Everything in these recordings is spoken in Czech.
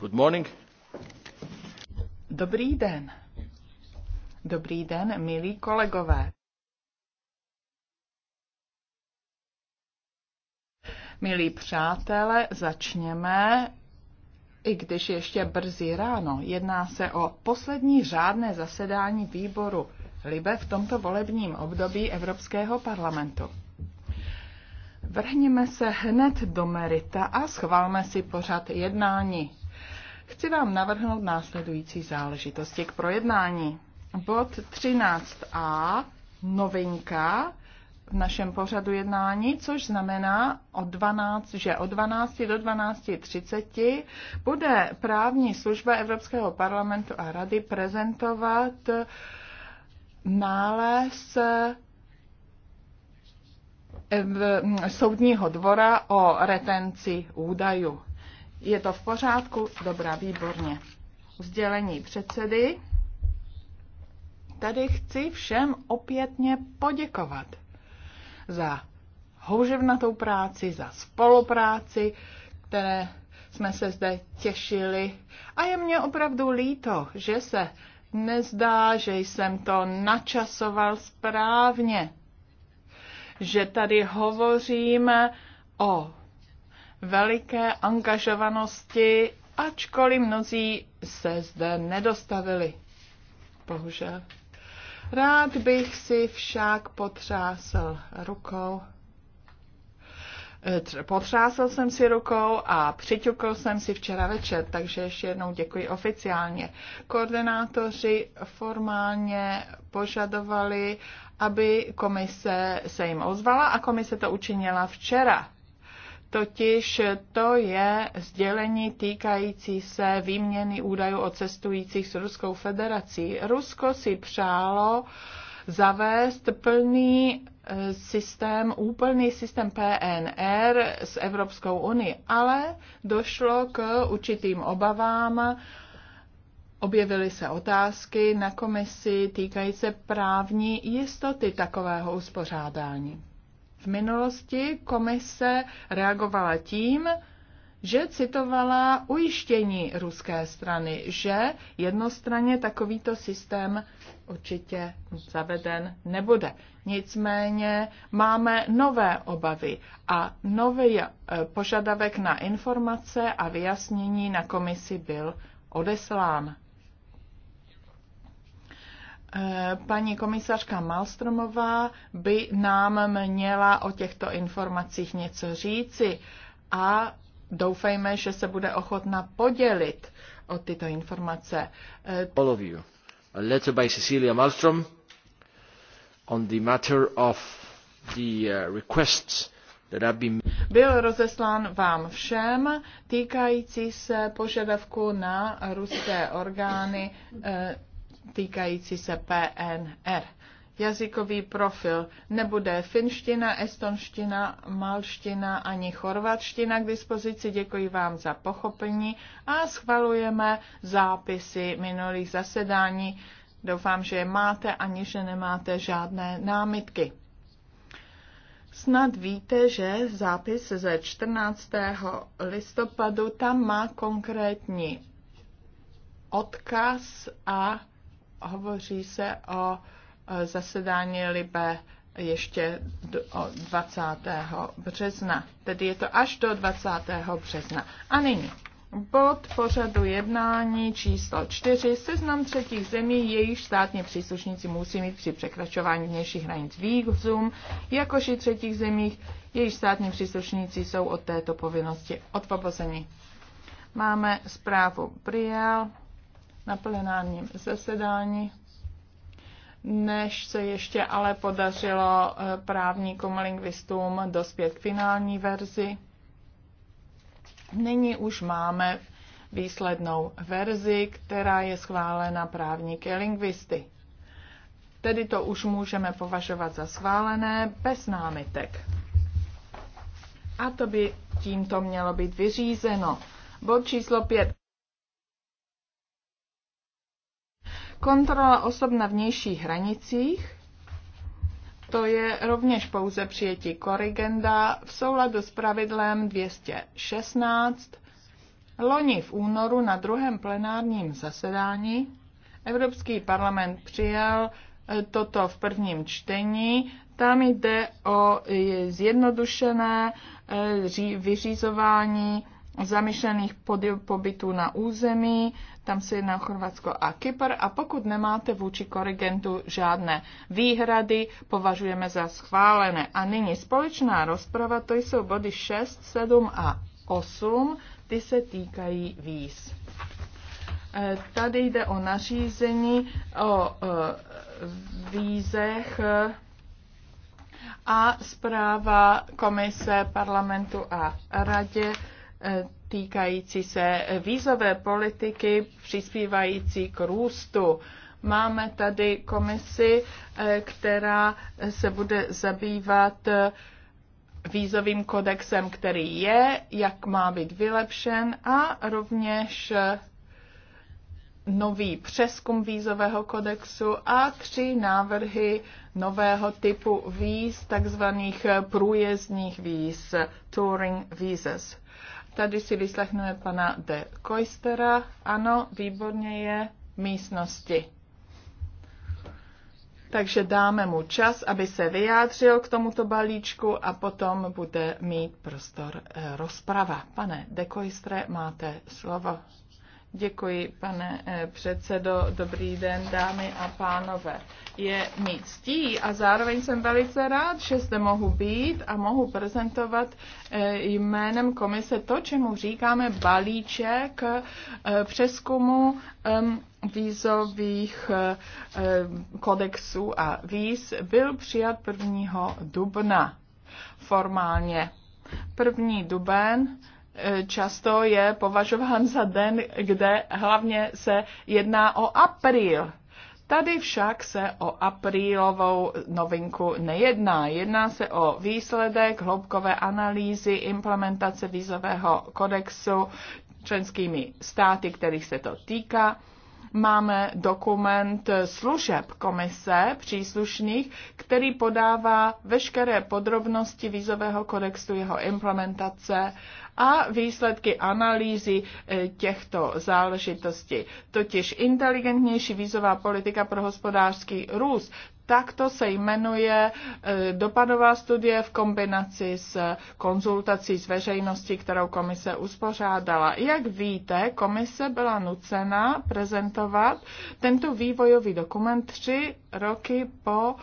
Good morning. Dobrý den. Dobrý den, milí kolegové. Milí přátelé, začněme, i když ještě brzy ráno. Jedná se o poslední řádné zasedání výboru Libe v tomto volebním období Evropského parlamentu. Vrhněme se hned do merita a schválme si pořad jednání chci vám navrhnout následující záležitosti k projednání. Bod 13a, novinka v našem pořadu jednání, což znamená, o 12, že od 12 do 12.30 bude právní služba Evropského parlamentu a rady prezentovat nález eh, soudního dvora o retenci údajů. Je to v pořádku? Dobrá, výborně. Vzdělení předsedy. Tady chci všem opětně poděkovat za houževnatou práci, za spolupráci, které jsme se zde těšili. A je mě opravdu líto, že se nezdá, že jsem to načasoval správně, že tady hovoříme o veliké angažovanosti, ačkoliv mnozí se zde nedostavili. Bohužel. Rád bych si však potřásl rukou. Eh, potřásl jsem si rukou a přiťukl jsem si včera večer, takže ještě jednou děkuji oficiálně. Koordinátoři formálně požadovali, aby komise se jim ozvala a komise to učinila včera totiž to je sdělení týkající se výměny údajů o cestujících s Ruskou federací. Rusko si přálo zavést plný eh, systém, úplný systém PNR s Evropskou unii, ale došlo k určitým obavám, Objevily se otázky na komisi týkající právní jistoty takového uspořádání. V minulosti komise reagovala tím, že citovala ujištění ruské strany, že jednostranně takovýto systém určitě zaveden nebude. Nicméně máme nové obavy a nový eh, požadavek na informace a vyjasnění na komisi byl odeslán. Eh, paní komisařka Malstromová by nám měla o těchto informacích něco říci a doufejme, že se bude ochotna podělit o tyto informace. Eh, All of you. A letter by Cecilia Malstrom on the matter of the eh, requests that have been byl rozeslán vám všem týkající se požadavku na ruské orgány týkající se PNR. Jazykový profil nebude finština, estonština, malština ani chorvatština k dispozici. Děkuji vám za pochopení a schvalujeme zápisy minulých zasedání. Doufám, že je máte, ani že nemáte žádné námitky. Snad víte, že zápis ze 14. listopadu tam má konkrétní odkaz a hovoří se o e, zasedání Libe ještě do 20. března. Tedy je to až do 20. března. A nyní bod pořadu jednání číslo 4. Seznam třetích zemí, jejich státní příslušníci musí mít při překračování vnějších hranic výzum, jakož i třetích zemích, jejich státní příslušníci jsou od této povinnosti odpobozeni. Máme zprávu Briel na plenárním zasedání, než se ještě ale podařilo eh, právníkům lingvistům dospět k finální verzi. Nyní už máme výslednou verzi, která je schválena právníky lingvisty. Tedy to už můžeme považovat za schválené bez námitek. A to by tímto mělo být vyřízeno. Bod číslo 5. Kontrola osob na vnějších hranicích, to je rovněž pouze přijetí korigenda v souladu s pravidlem 216. Loni v únoru na druhém plenárním zasedání Evropský parlament přijal e, toto v prvním čtení. Tam jde o e, zjednodušené e, vyřízování zamýšlených pobytů na území, tam se jedná Chorvatsko a Kypr a pokud nemáte vůči korigentu žádné výhrady, považujeme za schválené. A nyní společná rozprava, to jsou body 6, 7 a 8, ty se týkají víz. E, tady jde o nařízení o e, vízech e, a zpráva komise parlamentu a radě Eh, týkající se vízové politiky přispívající k růstu. Máme tady komisi, eh, která se bude zabývat vízovým kodexem, který je, jak má být vylepšen a rovněž nový přeskum vízového kodexu a tři návrhy nového typu víz, takzvaných průjezdních víz, touring visas. Tady si vyslechneme pana de Koistera. Ano, výborně je místnosti. Takže dáme mu čas, aby se vyjádřil k tomuto balíčku a potom bude mít prostor eh, rozprava. Pane de Koistre máte slovo. Děkuji, pane eh, předsedo. Dobrý den, dámy a pánové. Je mi ctí a zároveň jsem velice rád, že zde mohu být a mohu prezentovat eh, jménem komise to, čemu říkáme balíček eh, přeskumu vízových kodexů a víz byl přijat 1. dubna formálně. 1. duben Eh, často je považován za den, kde hlavně se jedná o apríl. Tady však se o aprílovou novinku nejedná. Jedná se o výsledek hloubkové analýzy implementace vízového kodexu členskými státy, kterých se to týká máme dokument služeb komise příslušných, který podává veškeré podrobnosti vízového kodexu, jeho implementace a výsledky analýzy eh, těchto záležitostí. Totiž inteligentnější vízová politika pro hospodářský růst, Takto se jmenuje e, dopadová studie v kombinaci s konzultací s veřejností, kterou komise uspořádala. Jak víte, komise byla nucena prezentovat tento vývojový dokument tři roky po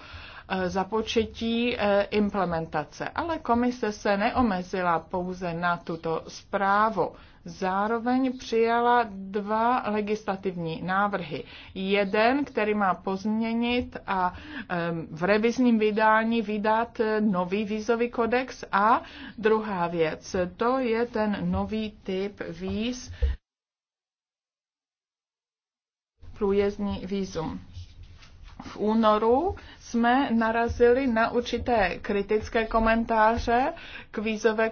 e, započetí e, implementace. Ale komise se neomezila pouze na tuto zprávu. Zároveň přijala dva legislativní návrhy. Jeden, který má pozměnit a v revizním vydání vydat nový vízový kodex a druhá věc, to je ten nový typ víz, průjezdní vízum v únoru jsme narazili na určité kritické komentáře k vízové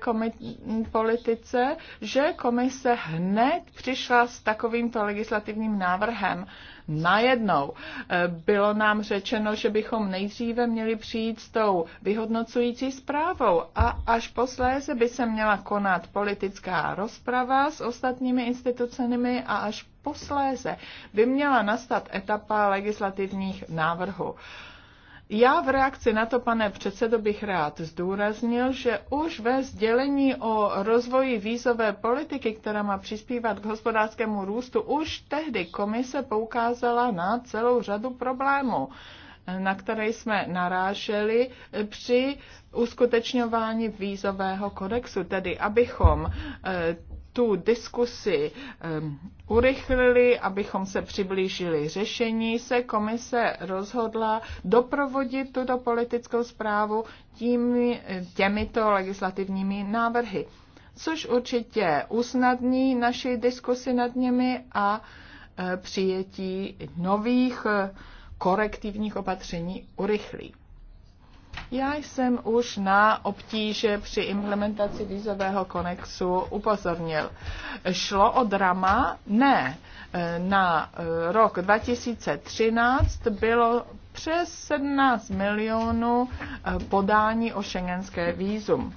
politice, že komise hned přišla s takovýmto legislativním návrhem. Najednou e, bylo nám řečeno, že bychom nejdříve měli přijít s tou vyhodnocující zprávou a až posléze by se měla konat politická rozprava s ostatními institucemi a až posléze by měla nastat etapa legislativních návrhů. Já v reakci na to, pane předsedo, bych rád zdůraznil, že už ve sdělení o rozvoji vízové politiky, která má přispívat k hospodářskému růstu, už tehdy komise poukázala na celou řadu problémů na které jsme naráželi při uskutečňování vízového kodexu, tedy abychom eh, tu diskusi um, urychlili, abychom se přiblížili řešení, se komise rozhodla doprovodit tuto politickou zprávu tím, těmito legislativními návrhy, což určitě usnadní naši diskusi nad nimi a e, přijetí nových e, korektivních opatření urychlí. Já jsem už na obtíže při implementaci vízového konexu upozornil. Šlo o drama? Ne. E, na e, rok 2013 bylo přes 17 milionů e, podání o šengenské vízum.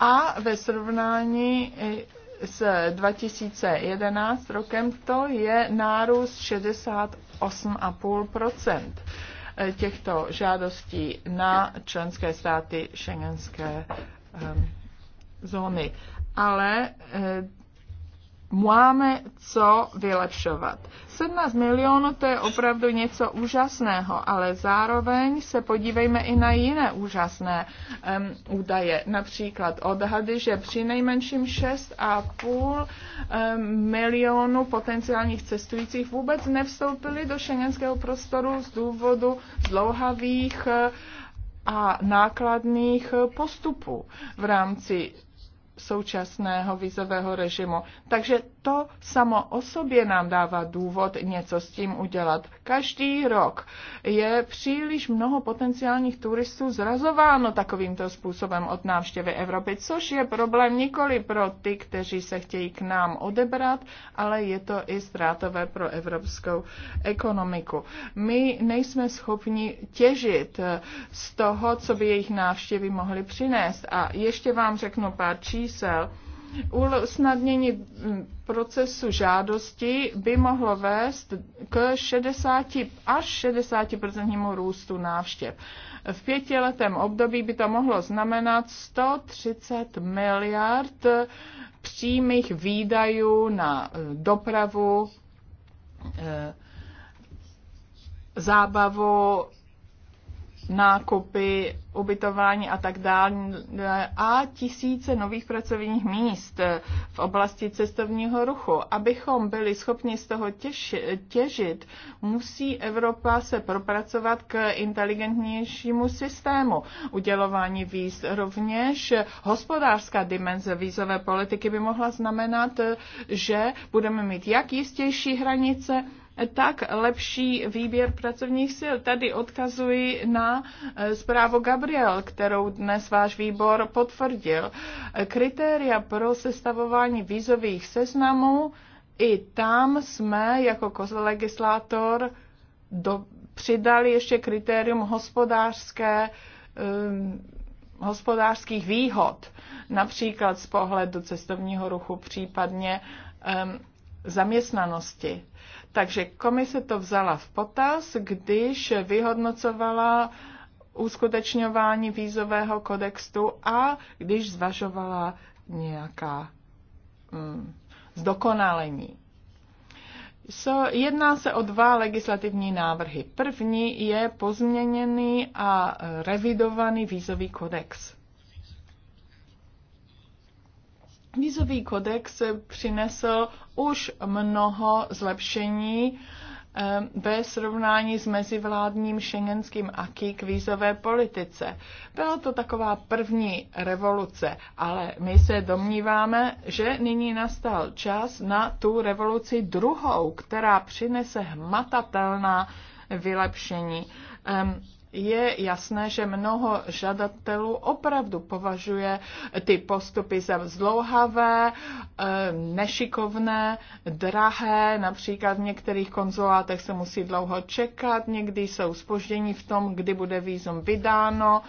A ve srovnání s 2011 rokem to je nárůst 68,5 těchto žádostí na členské státy šengenské ehm, zóny. Ale eh, máme co vylepšovat. 17 milionů to je opravdu něco úžasného, ale zároveň se podívejme i na jiné úžasné um, údaje. Například odhady, že při nejmenším 6,5 um, milionu potenciálních cestujících vůbec nevstoupili do šengenského prostoru z důvodu zdlouhavých eh, a nákladných eh, postupů v rámci současného vizového režimu. Takže to samo o sobě nám dává důvod něco s tím udělat. Každý rok je příliš mnoho potenciálních turistů zrazováno takovýmto způsobem od návštěvy Evropy, což je problém nikoli pro ty, kteří se chtějí k nám odebrat, ale je to i ztrátové pro evropskou ekonomiku. My nejsme schopni těžit z toho, co by jejich návštěvy mohly přinést. A ještě vám řeknu pár čísel čísel. Usnadnění mm, procesu žádosti by mohlo vést k 60 až 60% růstu návštěv. V pětiletém období by to mohlo znamenat 130 miliard přímých výdajů na eh, dopravu, eh, zábavu, nákupy, ubytování a tak dále a tisíce nových pracovních míst v oblasti cestovního ruchu. Abychom byli schopni z toho těžit, musí Evropa se propracovat k inteligentnějšímu systému. Udělování víz rovněž hospodářská dimenze vízové politiky by mohla znamenat, že budeme mít jak jistější hranice, tak lepší výběr pracovních sil. Tady odkazuji na eh, zprávu Gabriel, kterou dnes váš výbor potvrdil. Kritéria pro sestavování vízových seznamů, i tam jsme jako legislátor do, přidali ještě kritérium hospodářské um, hospodářských výhod, například z pohledu cestovního ruchu, případně um, zaměstnanosti. Takže komise to vzala v potaz, když vyhodnocovala uskutečňování vízového kodextu a když zvažovala nějaká mm, zdokonalení. So, jedná se o dva legislativní návrhy. První je pozměněný a revidovaný vízový kodex. Vízový kodex přinesl už mnoho zlepšení ve srovnání s mezivládním šengenským aký k vízové politice. Byla to taková první revoluce, ale my se domníváme, že nyní nastal čas na tu revoluci druhou, která přinese hmatatelná vylepšení je jasné, že mnoho žadatelů opravdu považuje ty postupy za zdlouhavé, eh, nešikovné, drahé. Například v některých konzulátech se musí dlouho čekat, někdy jsou spoždění v tom, kdy bude výzum vydáno.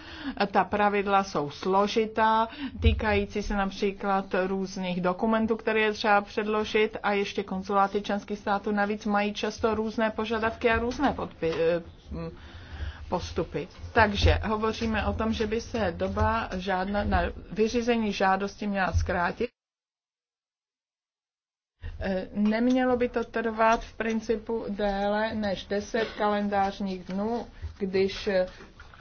Ta pravidla jsou složitá, týkající se například různých dokumentů, které je třeba předložit a ještě konzuláty členských států navíc mají často různé požadavky a různé podpisy eh, postupy. Takže hovoříme o tom, že by se doba žádna, na vyřízení žádosti měla zkrátit. E, nemělo by to trvat v principu déle než 10 kalendářních dnů, když e,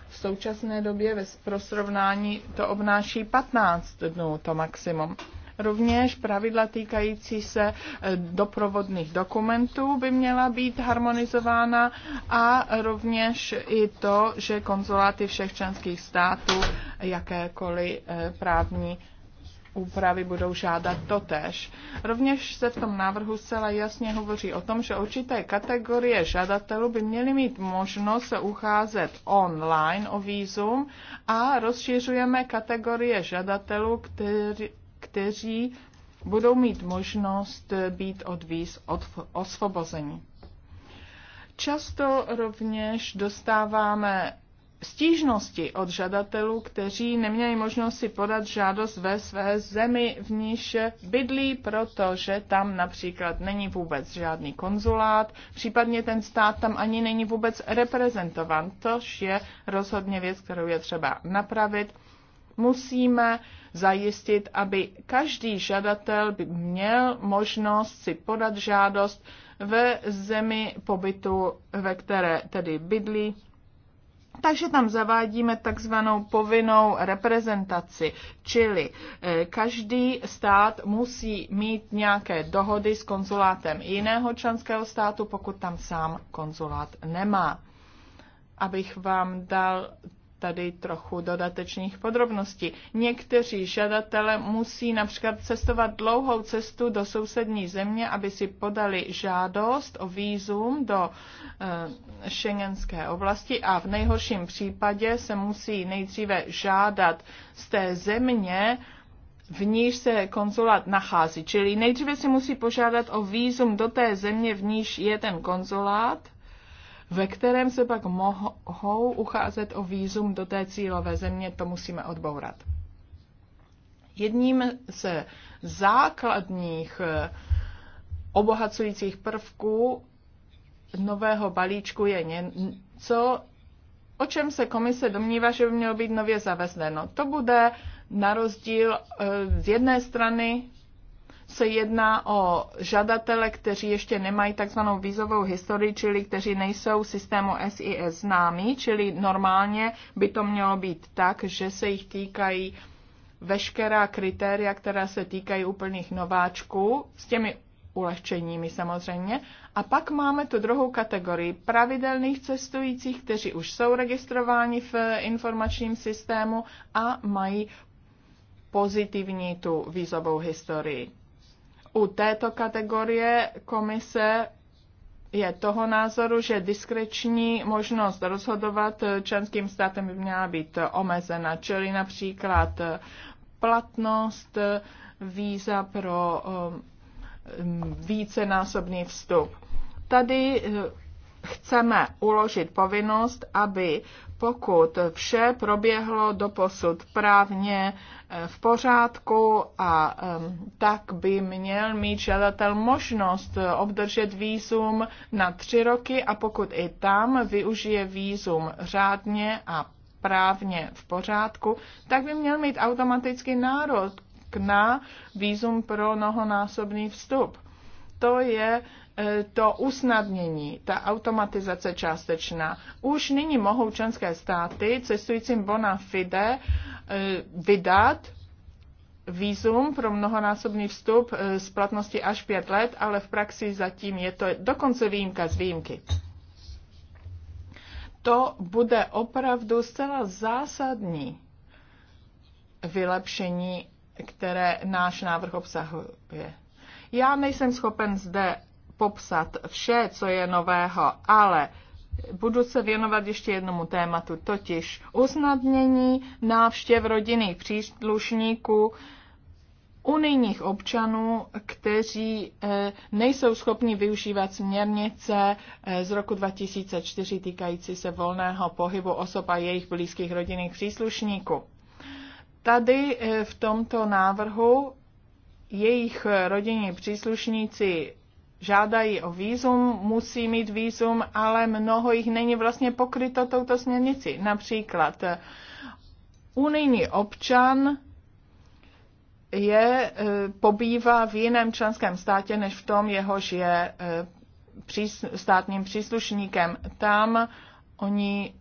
v současné době pro srovnání to obnáší 15 dnů, to maximum. Rovněž pravidla týkající se eh, doprovodných dokumentů by měla být harmonizována a rovněž i to, že konzuláty všech členských států jakékoliv eh, právní úpravy budou žádat totéž. Rovněž se v tom návrhu zcela jasně hovoří o tom, že určité kategorie žadatelů by měly mít možnost se ucházet online o výzum a rozšiřujeme kategorie žadatelů, který, kteří budou mít možnost být od víz osvobozeni. Často rovněž dostáváme stížnosti od žadatelů, kteří neměli možnost si podat žádost ve své zemi, v níž bydlí, protože tam například není vůbec žádný konzulát, případně ten stát tam ani není vůbec reprezentovan, což je rozhodně věc, kterou je třeba napravit. Musíme zajistit, aby každý žadatel by měl možnost si podat žádost ve zemi pobytu, ve které tedy bydlí. Takže tam zavádíme takzvanou povinnou reprezentaci, čili eh, každý stát musí mít nějaké dohody s konzulátem jiného členského státu, pokud tam sám konzulát nemá. Abych vám dal tady trochu dodatečných podrobností. Někteří žadatelé musí například cestovat dlouhou cestu do sousední země, aby si podali žádost o výzum do šengenské eh, oblasti a v nejhorším případě se musí nejdříve žádat z té země, v níž se konzulát nachází. Čili nejdříve si musí požádat o výzum do té země, v níž je ten konzulát, ve kterém se pak mohou ucházet o výzum do té cílové země, to musíme odbourat. Jedním ze základních eh, obohacujících prvků nového balíčku je něco, o čem se komise domnívá, že by mělo být nově zavezeno. To bude na rozdíl eh, z jedné strany se jedná o žadatele, kteří ještě nemají takzvanou vízovou historii, čili kteří nejsou systému SIS známí, čili normálně by to mělo být tak, že se jich týkají veškerá kritéria, která se týkají úplných nováčků, s těmi ulehčeními samozřejmě. A pak máme tu druhou kategorii pravidelných cestujících, kteří už jsou registrováni v informačním systému a mají pozitivní tu vízovou historii. U této kategorie komise je toho názoru, že diskreční možnost rozhodovat členským státem by měla být omezena, čili například platnost víza pro um, vícenásobný vstup. Tady eh, chceme uložit povinnost, aby pokud vše proběhlo doposud právně eh, v pořádku a tak by měl mít žadatel možnost eh, obdržet výzum na tři roky a pokud i tam využije výzum řádně a právně v pořádku, tak by měl mít automaticky nárok na výzum pro mnohonásobný vstup. To je E, to usnadnění, ta automatizace částečná. Už nyní mohou členské státy cestujícím bona fide e, vydat výzum pro mnohonásobný vstup e, z platnosti až pět let, ale v praxi zatím je to dokonce výjimka z výjimky. To bude opravdu zcela zásadní vylepšení, které náš návrh obsahuje. Já nejsem schopen zde popsat vše, co je nového, ale budu se věnovat ještě jednomu tématu, totiž usnadnění návštěv rodinných příslušníků unijních občanů, kteří eh, nejsou schopni využívat směrnice eh, z roku 2004 týkající se volného pohybu osob a jejich blízkých rodinných příslušníků. Tady eh, v tomto návrhu jejich rodinní příslušníci žádají o výzum, musí mít výzum, ale mnoho jich není vlastně pokryto touto směrnici. Například eh, unijní občan je, eh, pobývá v jiném členském státě, než v tom, jehož je eh, státním příslušníkem. Tam oni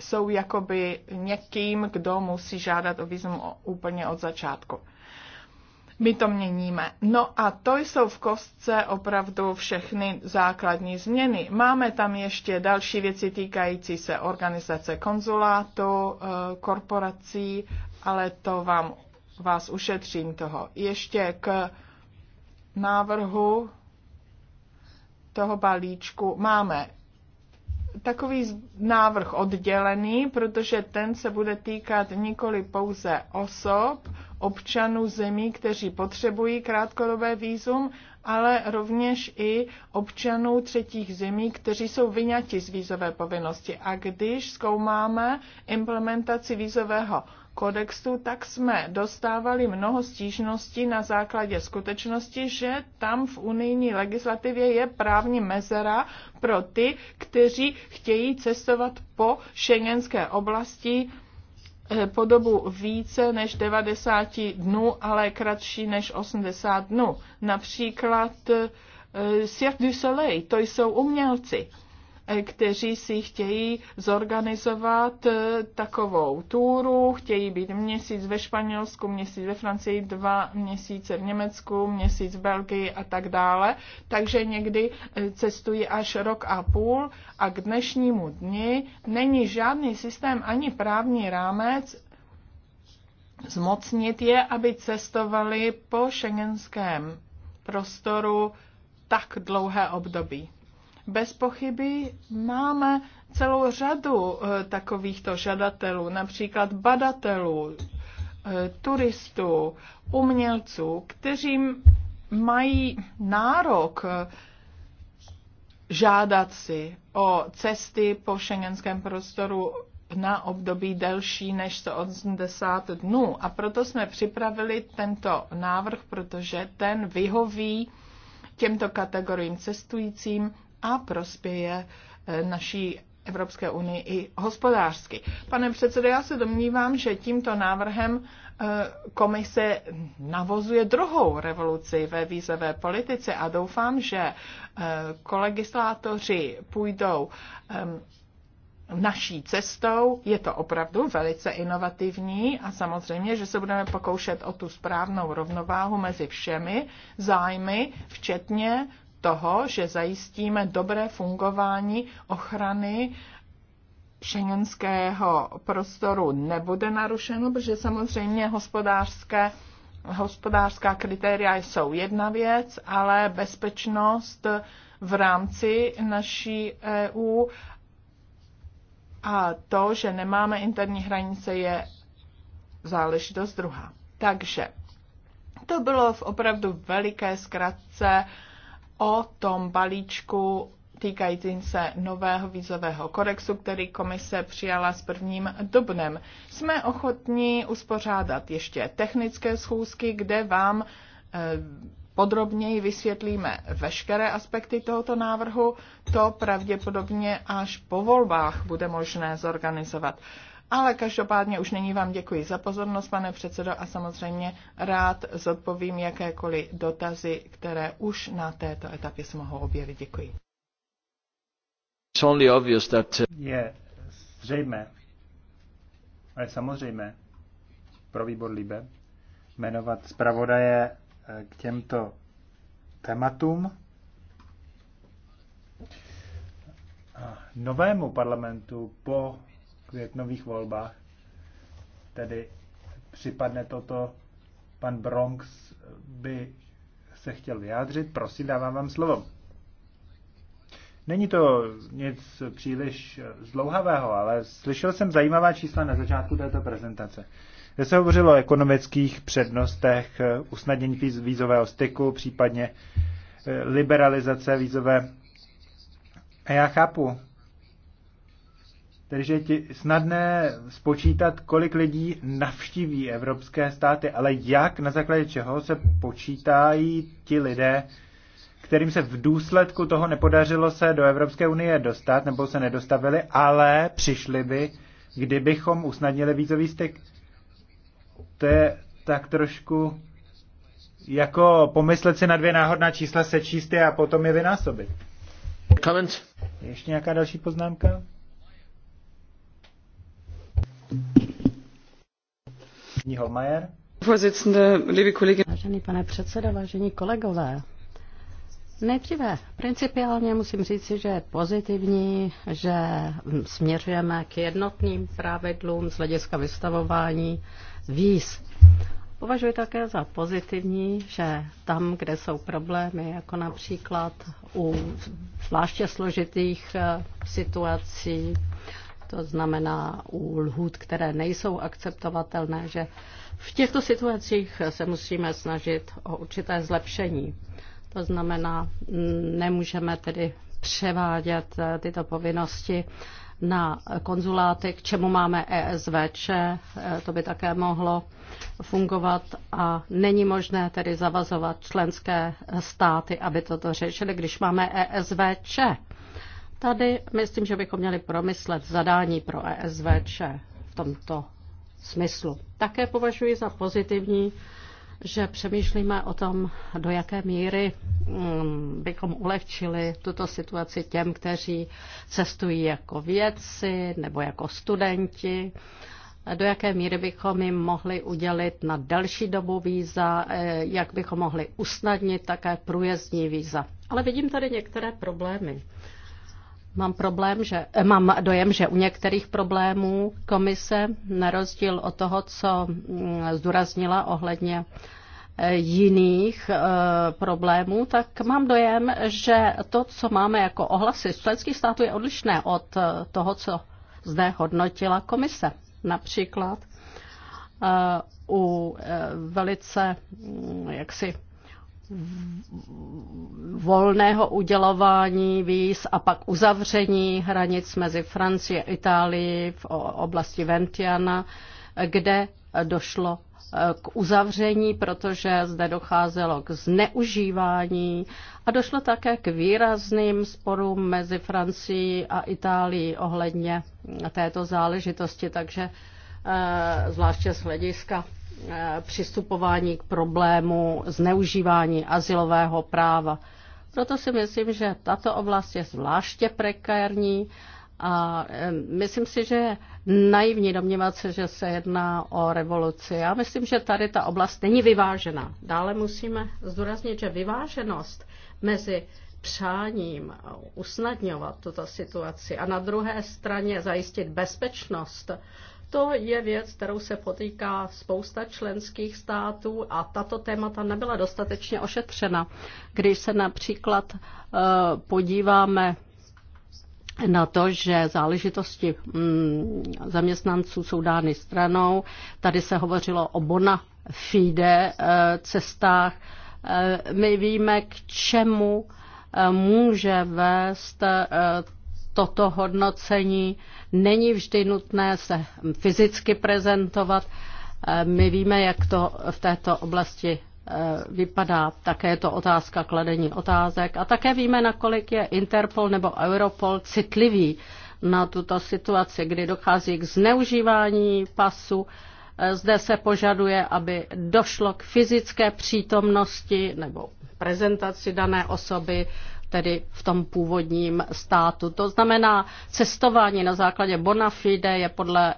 jsou jakoby někým, kdo musí žádat o výzum úplně od začátku my to měníme. No a to jsou v kostce opravdu všechny základní změny. Máme tam ještě další věci týkající se organizace konzulátu, eh, korporací, ale to vám, vás ušetřím toho. Ještě k návrhu toho balíčku máme takový návrh oddělený, protože ten se bude týkat nikoli pouze osob, občanů zemí, kteří potřebují krátkodobé výzum, ale rovněž i občanů třetích zemí, kteří jsou vyňati z vízové povinnosti. A když zkoumáme implementaci vízového kodextu, tak jsme dostávali mnoho stížností na základě skutečnosti, že tam v unijní legislativě je právní mezera pro ty, kteří chtějí cestovat po šengenské oblasti Eh, po dobu více než 90 dnů, ale kratší než 80 dnů. Například eh, Cirque du Soleil, to jsou umělci. Eh, kteří si chtějí zorganizovat eh, takovou túru, chtějí být měsíc ve Španělsku, měsíc ve Francii, dva měsíce v Německu, měsíc v Belgii a tak dále. Takže někdy eh, cestují až rok a půl a k dnešnímu dni není žádný systém ani právní rámec, zmocnit je, aby cestovali po šengenském prostoru tak dlouhé období. Bez pochyby máme celou řadu eh, takovýchto žadatelů, například badatelů, eh, turistů, umělců, kteří mají nárok eh, žádat si o cesty po šengenském prostoru na období delší než 180 dnů. A proto jsme připravili tento návrh, protože ten vyhoví těmto kategoriím cestujícím a prospěje eh, naší Evropské unii i hospodářsky. Pane předsedo, já se domnívám, že tímto návrhem eh, komise navozuje druhou revoluci ve vízové politice a doufám, že eh, kolegislátoři půjdou naší cestou. Je to opravdu velice inovativní a samozřejmě, že se budeme pokoušet o tu správnou rovnováhu mezi všemi zájmy, včetně toho, že zajistíme dobré fungování ochrany šengenského prostoru nebude narušeno, protože samozřejmě hospodářské, hospodářská kritéria jsou jedna věc, ale bezpečnost v rámci naší EU a to, že nemáme interní hranice, je záležitost druhá. Takže to bylo v opravdu veliké zkratce o tom balíčku týkajícím se nového vízového kodexu, který komise přijala s prvním dubnem. Jsme ochotní uspořádat ještě technické schůzky, kde vám eh, podrobněji vysvětlíme veškeré aspekty tohoto návrhu. To pravděpodobně až po volbách bude možné zorganizovat. Ale každopádně už nyní vám děkuji za pozornost, pane předsedo, a samozřejmě rád zodpovím jakékoliv dotazy, které už na této etapě se mohou objevit. Děkuji. Uh, je zřejmé, ale samozřejmé pro výbor Libe jmenovat zpravodaje eh, k těmto tématům. Novému parlamentu po květnových volbách, tedy připadne toto, pan Bronx by se chtěl vyjádřit, prosím, dávám vám slovo. Není to nic příliš zdlouhavého, ale slyšel jsem zajímavá čísla na začátku této prezentace. Kde se hovořilo o ekonomických přednostech, usnadnění vízového styku, případně eh, liberalizace vízové. A já chápu takže je snadné spočítat, kolik lidí navštíví evropské státy, ale jak, na základě čeho se počítají ti lidé, kterým se v důsledku toho nepodařilo se do Evropské unie dostat, nebo se nedostavili, ale přišli by, kdybychom usnadnili vízový styk. To je tak trošku jako pomyslet si na dvě náhodná čísla, sečíst je a potom je vynásobit. Comment? Ještě nějaká další poznámka? Paní Holmajer. Vážený pane předsedo, vážení kolegové, Nejdříve principiálně musím říci, že je pozitivní, že směřujeme k jednotným pravidlům z hlediska vystavování víz. Považuji také za pozitivní, že tam, kde jsou problémy, jako například u zvláště složitých eh, situací, to znamená u lhůt, které nejsou akceptovatelné, že v těchto situacích se musíme snažit o určité zlepšení. To znamená, nemůžeme tedy převádět eh, tyto povinnosti na konzuláty, k čemu máme ESVČ, eh, to by také mohlo fungovat a není možné tedy zavazovat členské státy, aby toto řešili, když máme ESVČ. Tady myslím, že bychom měli promyslet zadání pro ESVČ v tomto smyslu. Také považuji za pozitivní, že přemýšlíme o tom, do jaké míry mm, bychom ulehčili tuto situaci těm, kteří cestují jako vědci nebo jako studenti, do jaké míry bychom jim mohli udělit na delší dobu víza, e, jak bychom mohli usnadnit také průjezdní víza. Ale vidím tady některé problémy. Mám, problém, že, eh, mám dojem, že u některých problémů komise, na rozdíl od toho, co mm, zdůraznila ohledně eh, jiných e, problémů, tak mám dojem, že to, co máme jako ohlasy z členských států, je odlišné od toho, co zde hodnotila komise. Například e, u e, velice mm, jaksi volného udělování víz a pak uzavření hranic mezi Francií a Itálií v oblasti Ventiana, kde došlo eh, k uzavření, protože zde docházelo k zneužívání a došlo také k výrazným sporům mezi Francií a Itálií ohledně této záležitosti, takže eh, zvláště z hlediska Eh, přistupování k problému zneužívání asilového práva. Proto si myslím, že tato oblast je zvláště prekérní a eh, myslím si, že je naivní domnívat se, že se jedná o revoluci. Já myslím, že tady ta oblast není vyvážená. Dále musíme zdůraznit, že vyváženost mezi přáním usnadňovat tuto situaci a na druhé straně zajistit bezpečnost to je věc, kterou se potýká spousta členských států a tato témata nebyla dostatečně ošetřena. Když se například eh, podíváme na to, že záležitosti mm, zaměstnanců jsou dány stranou. Tady se hovořilo o bona fide eh, cestách. Eh, my víme, k čemu může vést toto hodnocení. Není vždy nutné se fyzicky prezentovat. Eh, my víme, jak to v této oblasti eh, vypadá. Také je to otázka kladení otázek. A také víme, nakolik je Interpol nebo Europol citlivý na tuto situaci, kdy dochází k zneužívání pasu. Eh, zde se požaduje, aby došlo k fyzické přítomnosti nebo prezentaci dané osoby tedy v tom původním státu. To znamená, cestování na základě bona fide je podle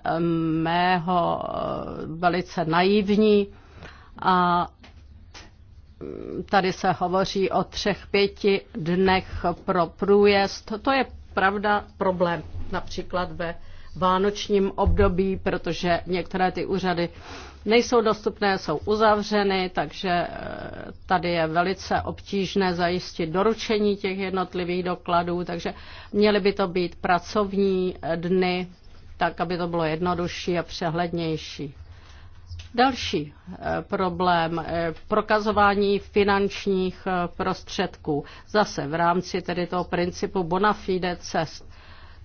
mého eh, velice naivní a mm, tady se hovoří o třech pěti dnech pro průjezd. To je pravda problém například ve vánočním období, protože některé ty úřady nejsou dostupné, jsou uzavřeny, takže eh, tady je velice obtížné zajistit doručení těch jednotlivých dokladů, takže měly by to být pracovní eh, dny, tak aby to bylo jednodušší a přehlednější. Další eh, problém prokazování finančních prostředků. Zase v rámci tedy toho principu bona fide cest.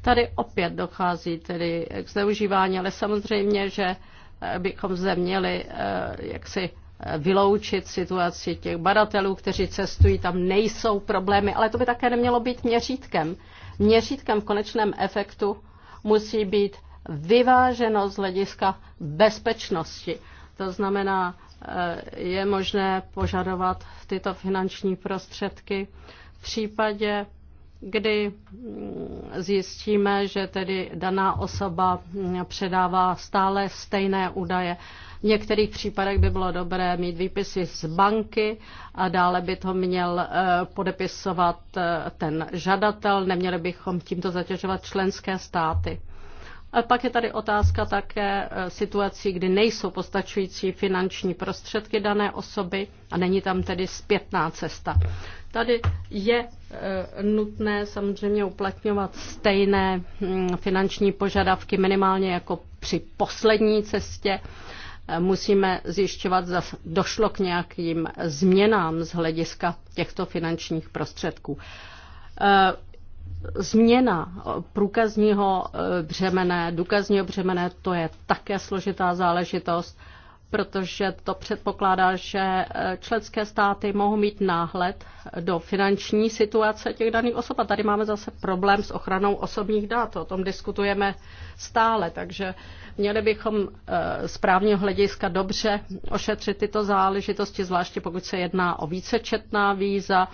Tady opět dochází tedy k zneužívání, ale samozřejmě, že bychom zde měli eh, jaksi eh, vyloučit situaci těch badatelů, kteří cestují, tam nejsou problémy, ale to by také nemělo být měřítkem. Měřítkem v konečném efektu musí být vyváženo z hlediska bezpečnosti. To znamená, eh, je možné požadovat tyto finanční prostředky v případě kdy mm, zjistíme, že tedy daná osoba mm, předává stále stejné údaje. V některých případech by bylo dobré mít výpisy z banky a dále by to měl eh, podepisovat eh, ten žadatel. Neměli bychom tímto zatěžovat členské státy. A pak je tady otázka také e, situací, kdy nejsou postačující finanční prostředky dané osoby a není tam tedy zpětná cesta. Tady je e, nutné samozřejmě uplatňovat stejné mm, finanční požadavky minimálně jako při poslední cestě. E, musíme zjišťovat, zda došlo k nějakým změnám z hlediska těchto finančních prostředků změna průkazního eh, břemene, důkazního břemene, to je také složitá záležitost protože to předpokládá, že eh, členské státy mohou mít náhled do finanční situace těch daných osob. A tady máme zase problém s ochranou osobních dat. O tom diskutujeme stále, takže měli bychom eh, z právního hlediska dobře ošetřit tyto záležitosti, zvláště pokud se jedná o vícečetná víza.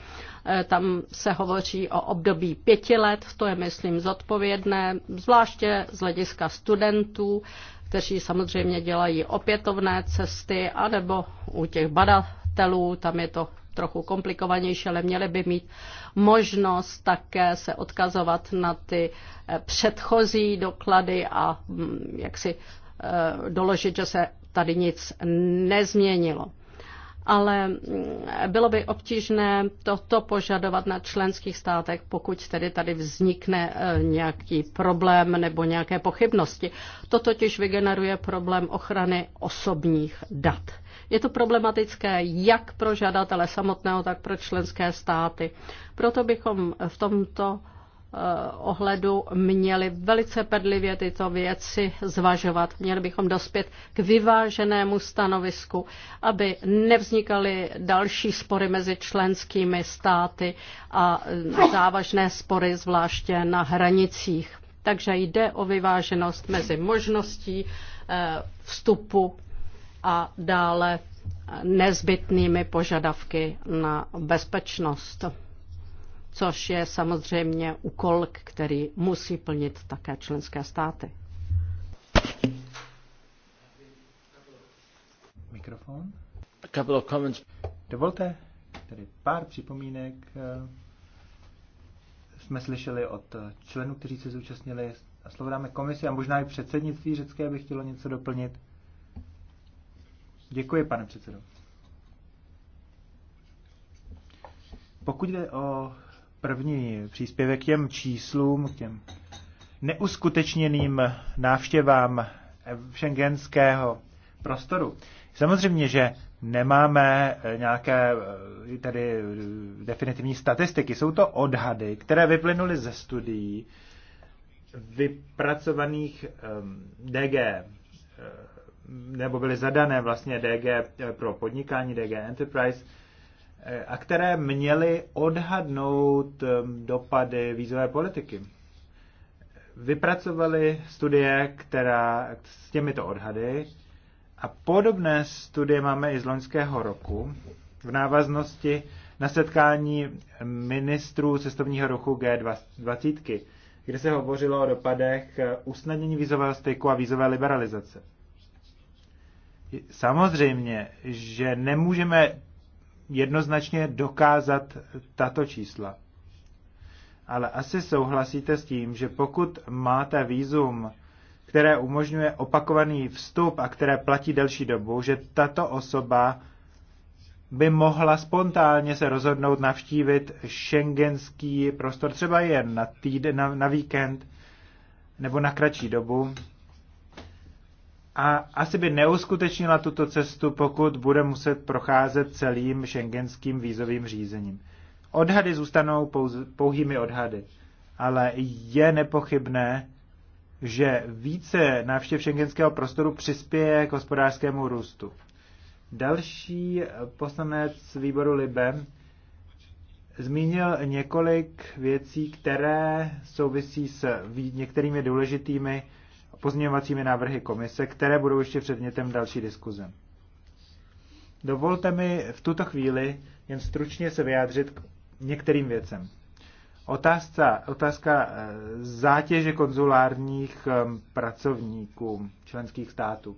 Eh, tam se hovoří o období pěti let, to je, myslím, zodpovědné, zvláště z hlediska studentů, kteří samozřejmě dělají opětovné cesty, anebo u těch badatelů, tam je to trochu komplikovanější, ale měli by mít možnost také se odkazovat na ty eh, předchozí doklady a mm, jak si eh, doložit, že se tady nic nezměnilo ale mm, bylo by obtížné toto požadovat na členských státech, pokud tedy tady vznikne e, nějaký problém nebo nějaké pochybnosti. To totiž vygeneruje problém ochrany osobních dat. Je to problematické jak pro žadatele samotného, tak pro členské státy. Proto bychom v tomto Eh, ohledu měli velice pedlivě tyto věci zvažovat. Měli bychom dospět k vyváženému stanovisku, aby nevznikaly další spory mezi členskými státy a závažné spory zvláště na hranicích. Takže jde o vyváženost mezi možností eh, vstupu a dále nezbytnými požadavky na bezpečnost což je samozřejmě úkol, který musí plnit také členské státy. Mikrofon. Couple of comments. Dovolte tedy pár připomínek. Jsme slyšeli od členů, kteří se zúčastnili a slovo dáme komisi a možná i předsednictví řecké by chtělo něco doplnit. Děkuji, pane předsedo. Pokud jde o první příspěvek k těm číslům, k těm neuskutečněným návštěvám šengenského prostoru. Samozřejmě, že nemáme eh, nějaké eh, tedy eh, definitivní statistiky. Jsou to odhady, které vyplynuly ze studií vypracovaných ehm, DG nebo byly zadané vlastně DG pro podnikání, DG Enterprise, Eh, a které měly odhadnout eh, dopady vízové politiky. Vypracovali studie, která s těmito odhady a podobné studie máme i z loňského roku v návaznosti na setkání ministrů cestovního ruchu G20, kde se hovořilo o dopadech eh, usnadnění vízového styku a vízové liberalizace. Samozřejmě, že nemůžeme jednoznačně dokázat tato čísla. Ale asi souhlasíte s tím, že pokud máte výzum, které umožňuje opakovaný vstup a které platí delší dobu, že tato osoba by mohla spontánně se rozhodnout navštívit šengenský prostor třeba jen na týden, na, na víkend nebo na kratší dobu, a asi by neuskutečnila tuto cestu, pokud bude muset procházet celým šengenským vízovým řízením. Odhady zůstanou pouze, pouhými odhady, ale je nepochybné, že více návštěv šengenského prostoru přispěje k hospodářskému růstu. Další poslanec výboru Libe zmínil několik věcí, které souvisí s některými důležitými pozměňovacími návrhy komise, které budou ještě předmětem další diskuze. Dovolte mi v tuto chvíli jen stručně se vyjádřit k některým věcem. Otázka, otázka eh, zátěže konzulárních eh, pracovníků členských států.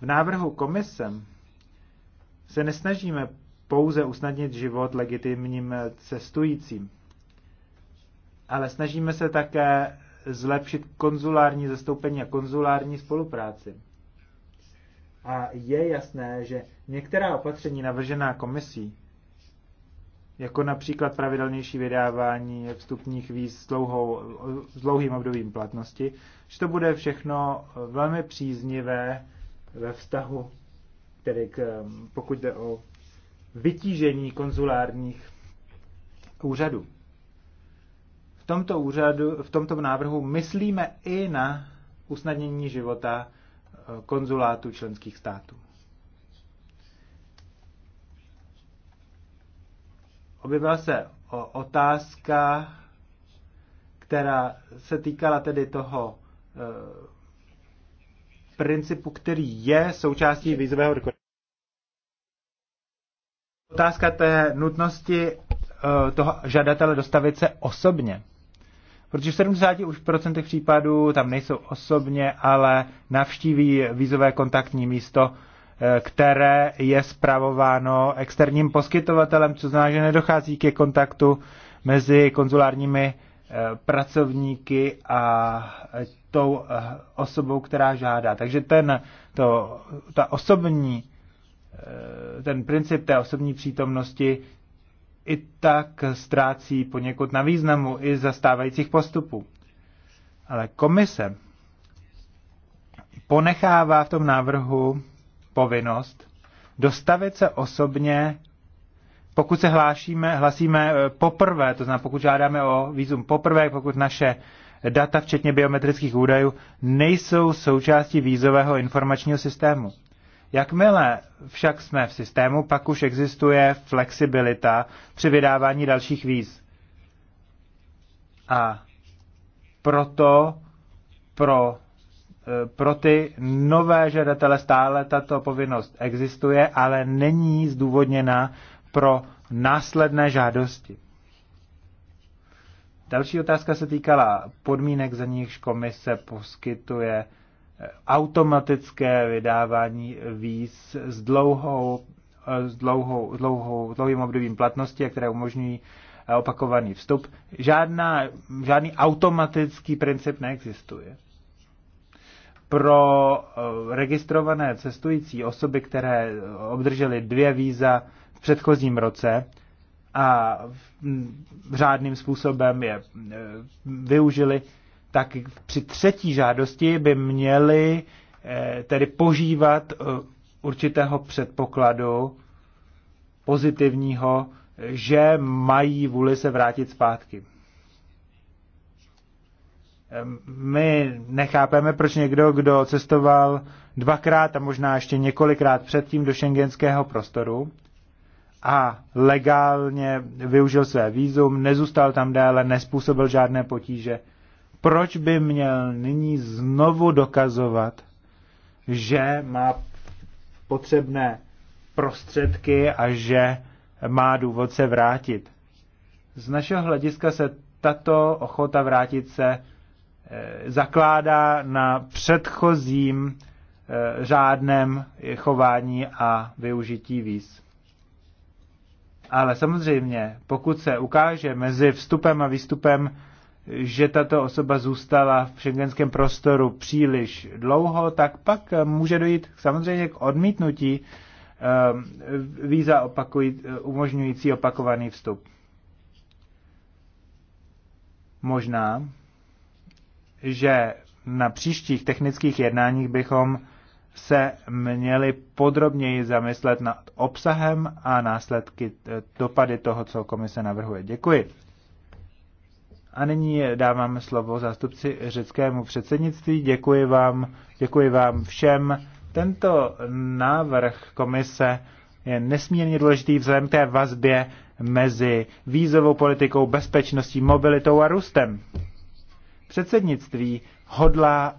V návrhu komise se nesnažíme pouze usnadnit život legitimním eh, cestujícím, ale snažíme se také zlepšit konzulární zastoupení a konzulární spolupráci. A je jasné, že některá opatření navržená komisí, jako například pravidelnější vydávání vstupních víz s, dlouhou, s dlouhým obdobím platnosti, že to bude všechno velmi příznivé ve vztahu, tedy k, pokud jde o vytížení konzulárních úřadů tomto, úřadu, v tomto návrhu myslíme i na usnadnění života eh, konzulátů členských států. Objevila se otázka, která se týkala tedy toho eh, principu, který je součástí vízového rekordu. Otázka té nutnosti eh, toho žadatele dostavit se osobně protože v 70% případů tam nejsou osobně, ale navštíví vízové kontaktní místo, eh, které je spravováno externím poskytovatelem, což znamená, že nedochází ke kontaktu mezi konzulárními eh, pracovníky a eh, tou osobou, která žádá. Takže ten, to, ta osobní, ten princip té osobní přítomnosti i tak ztrácí poněkud na významu i zastávajících postupů. Ale komise ponechává v tom návrhu povinnost dostavit se osobně, pokud se hlášíme, hlasíme eh, poprvé, to znamená, pokud žádáme o výzum poprvé, pokud naše data, včetně biometrických údajů, nejsou součástí vízového informačního systému. Jakmile však jsme v systému, pak už existuje flexibilita při vydávání dalších víz. A proto pro, e, pro ty nové žadatele stále tato povinnost existuje, ale není zdůvodněna pro následné žádosti. Další otázka se týkala podmínek, za nichž komise poskytuje automatické vydávání víz s dlouhou, s dlouhou, dlouhou, dlouhým obdobím platnosti, které umožňují eh, opakovaný vstup. Žádná, žádný automatický princip neexistuje. Pro eh, registrované cestující osoby, které obdržely dvě víza v předchozím roce a řádným způsobem je eh, využili, tak při třetí žádosti by měli eh, tedy požívat eh, určitého předpokladu pozitivního, že mají vůli se vrátit zpátky. My nechápeme, proč někdo, kdo cestoval dvakrát a možná ještě několikrát předtím do šengenského prostoru a legálně využil své výzum, nezůstal tam déle, nespůsobil žádné potíže, proč by měl nyní znovu dokazovat, že má potřebné prostředky a že má důvod se vrátit? Z našeho hlediska se tato ochota vrátit se eh, zakládá na předchozím eh, řádném chování a využití víz. Ale samozřejmě, pokud se ukáže mezi vstupem a výstupem že tato osoba zůstala v šengenském prostoru příliš dlouho, tak pak eh, může dojít samozřejmě k odmítnutí eh, víza opakuj, umožňující opakovaný vstup. Možná, že na příštích technických jednáních bychom se měli podrobněji zamyslet nad obsahem a následky eh, dopady toho, co komise navrhuje. Děkuji. A nyní dáváme slovo zástupci řeckému předsednictví. Děkuji vám, děkuji vám všem. Tento návrh komise je nesmírně důležitý vzhledem té vazbě mezi vízovou politikou, bezpečností, mobilitou a růstem. Předsednictví hodlá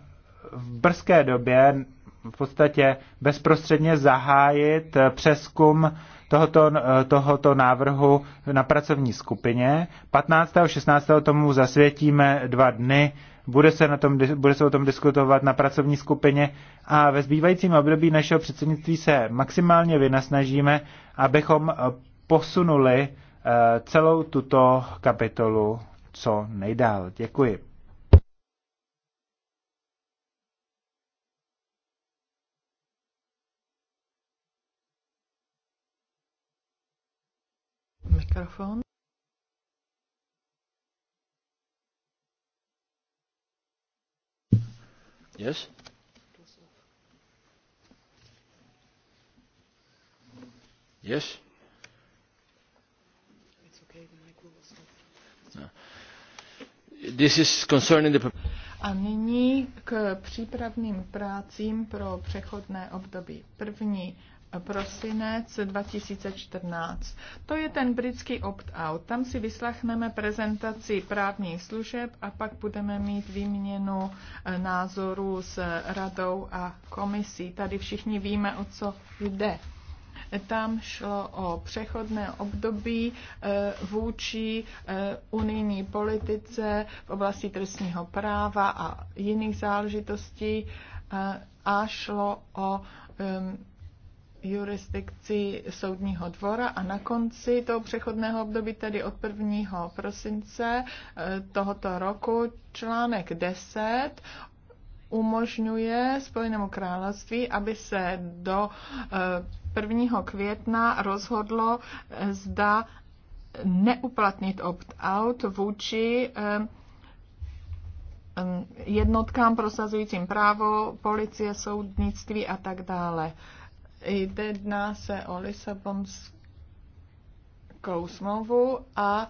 v brzké době v podstatě bezprostředně zahájit eh, přeskum tohoto, eh, tohoto návrhu na pracovní skupině. 15. a 16. tomu zasvětíme dva dny. Bude se, na tom, bude se o tom diskutovat na pracovní skupině a ve zbývajícím období našeho předsednictví se maximálně vynasnažíme, abychom eh, posunuli celou tuto kapitolu co nejdál. Děkuji. Mikrofon. Yes? Yes? It's okay, the mic will stop. No. This is concerning the... A nyní k přípravným prácím pro přechodné období. První prosinec 2014. To je ten britský opt-out. Tam si vyslechneme prezentaci právních služeb a pak budeme mít výměnu eh, názorů s radou a komisí. Tady všichni víme, o co jde. Tam šlo o přechodné období eh, vůči eh, unijní politice v oblasti trestního práva a jiných záležitostí a šlo o jurisdikci soudního dvora a na konci toho přechodného období, tedy od 1. prosince eh, tohoto roku, článek 10 umožňuje Spojenému království, aby se do 1. Eh, května rozhodlo, eh, zda neuplatnit opt-out vůči jednotkám prosazujícím právo, policie, soudnictví a tak dále. Jde jedná se o Lisabonskou smlouvu a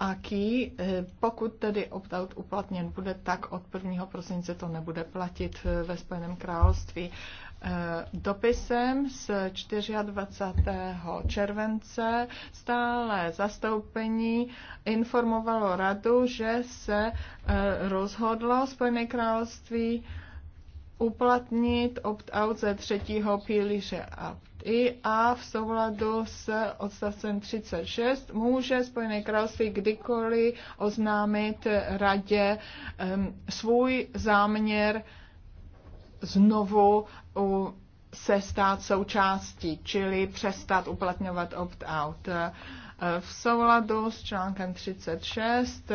aký, eh, pokud tedy opt-out uplatněn bude, tak od 1. prosince to nebude platit eh, ve Spojeném království. Eh, dopisem z 24. července stále zastoupení informovalo radu, že se rozhodlo Spojené království uplatnit opt-out ze třetího pilíře i a v souladu s odstavcem 36 může Spojené království kdykoliv oznámit radě um, svůj záměr znovu u, se stát součástí, čili přestat uplatňovat opt-out. E, v souladu s článkem 36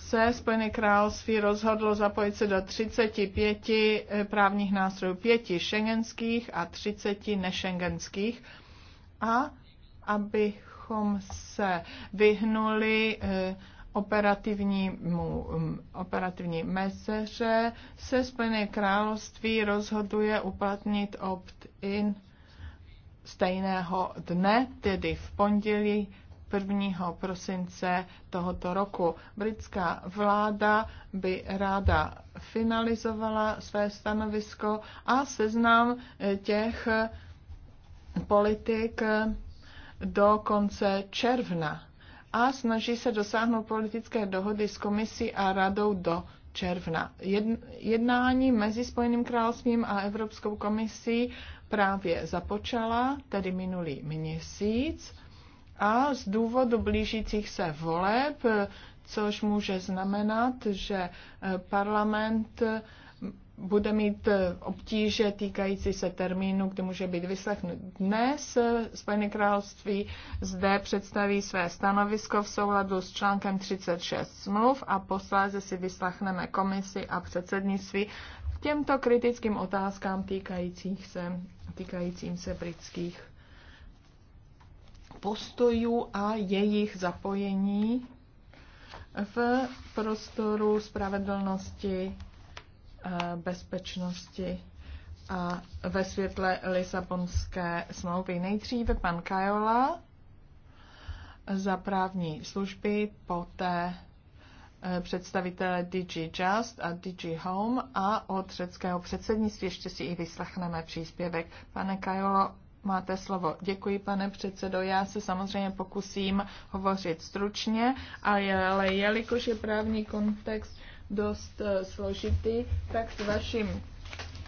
se Spojené království rozhodlo zapojit se do 35 eh, právních nástrojů, pěti šengenských a 30 nešengenských. A abychom se vyhnuli eh, operativnímu, mm, operativní meseře, se Spojené království rozhoduje uplatnit opt-in stejného dne, tedy v pondělí 1. prosince tohoto roku. Britská vláda by ráda finalizovala své stanovisko a seznam eh, těch eh, politik eh, do konce června a snaží se dosáhnout politické dohody s komisí a radou do června. Jednání mezi Spojeným královstvím a Evropskou komisí právě započala, tedy minulý měsíc a z důvodu blížících se voleb, což může znamenat, že eh, parlament eh, bude mít eh, obtíže týkající se termínu, kdy může být vyslechnut. Dnes Spojené království zde představí své stanovisko v souladu s článkem 36 smluv a posléze si vyslechneme komisi a předsednictví k těmto kritickým otázkám týkajících se, týkajícím se britských postojů a jejich zapojení v prostoru spravedlnosti, eh, bezpečnosti a ve světle Lisabonské smlouvy. Nejdříve pan Kajola za právní služby, poté eh, představitele DG Just a DG Home a od řeckého předsednictví ještě si i vyslechneme příspěvek. Pane Kajolo, Máte slovo. Děkuji, pane předsedo. Já se samozřejmě pokusím hovořit stručně, ale jelikož je právní kontext dost eh, složitý, tak s vaším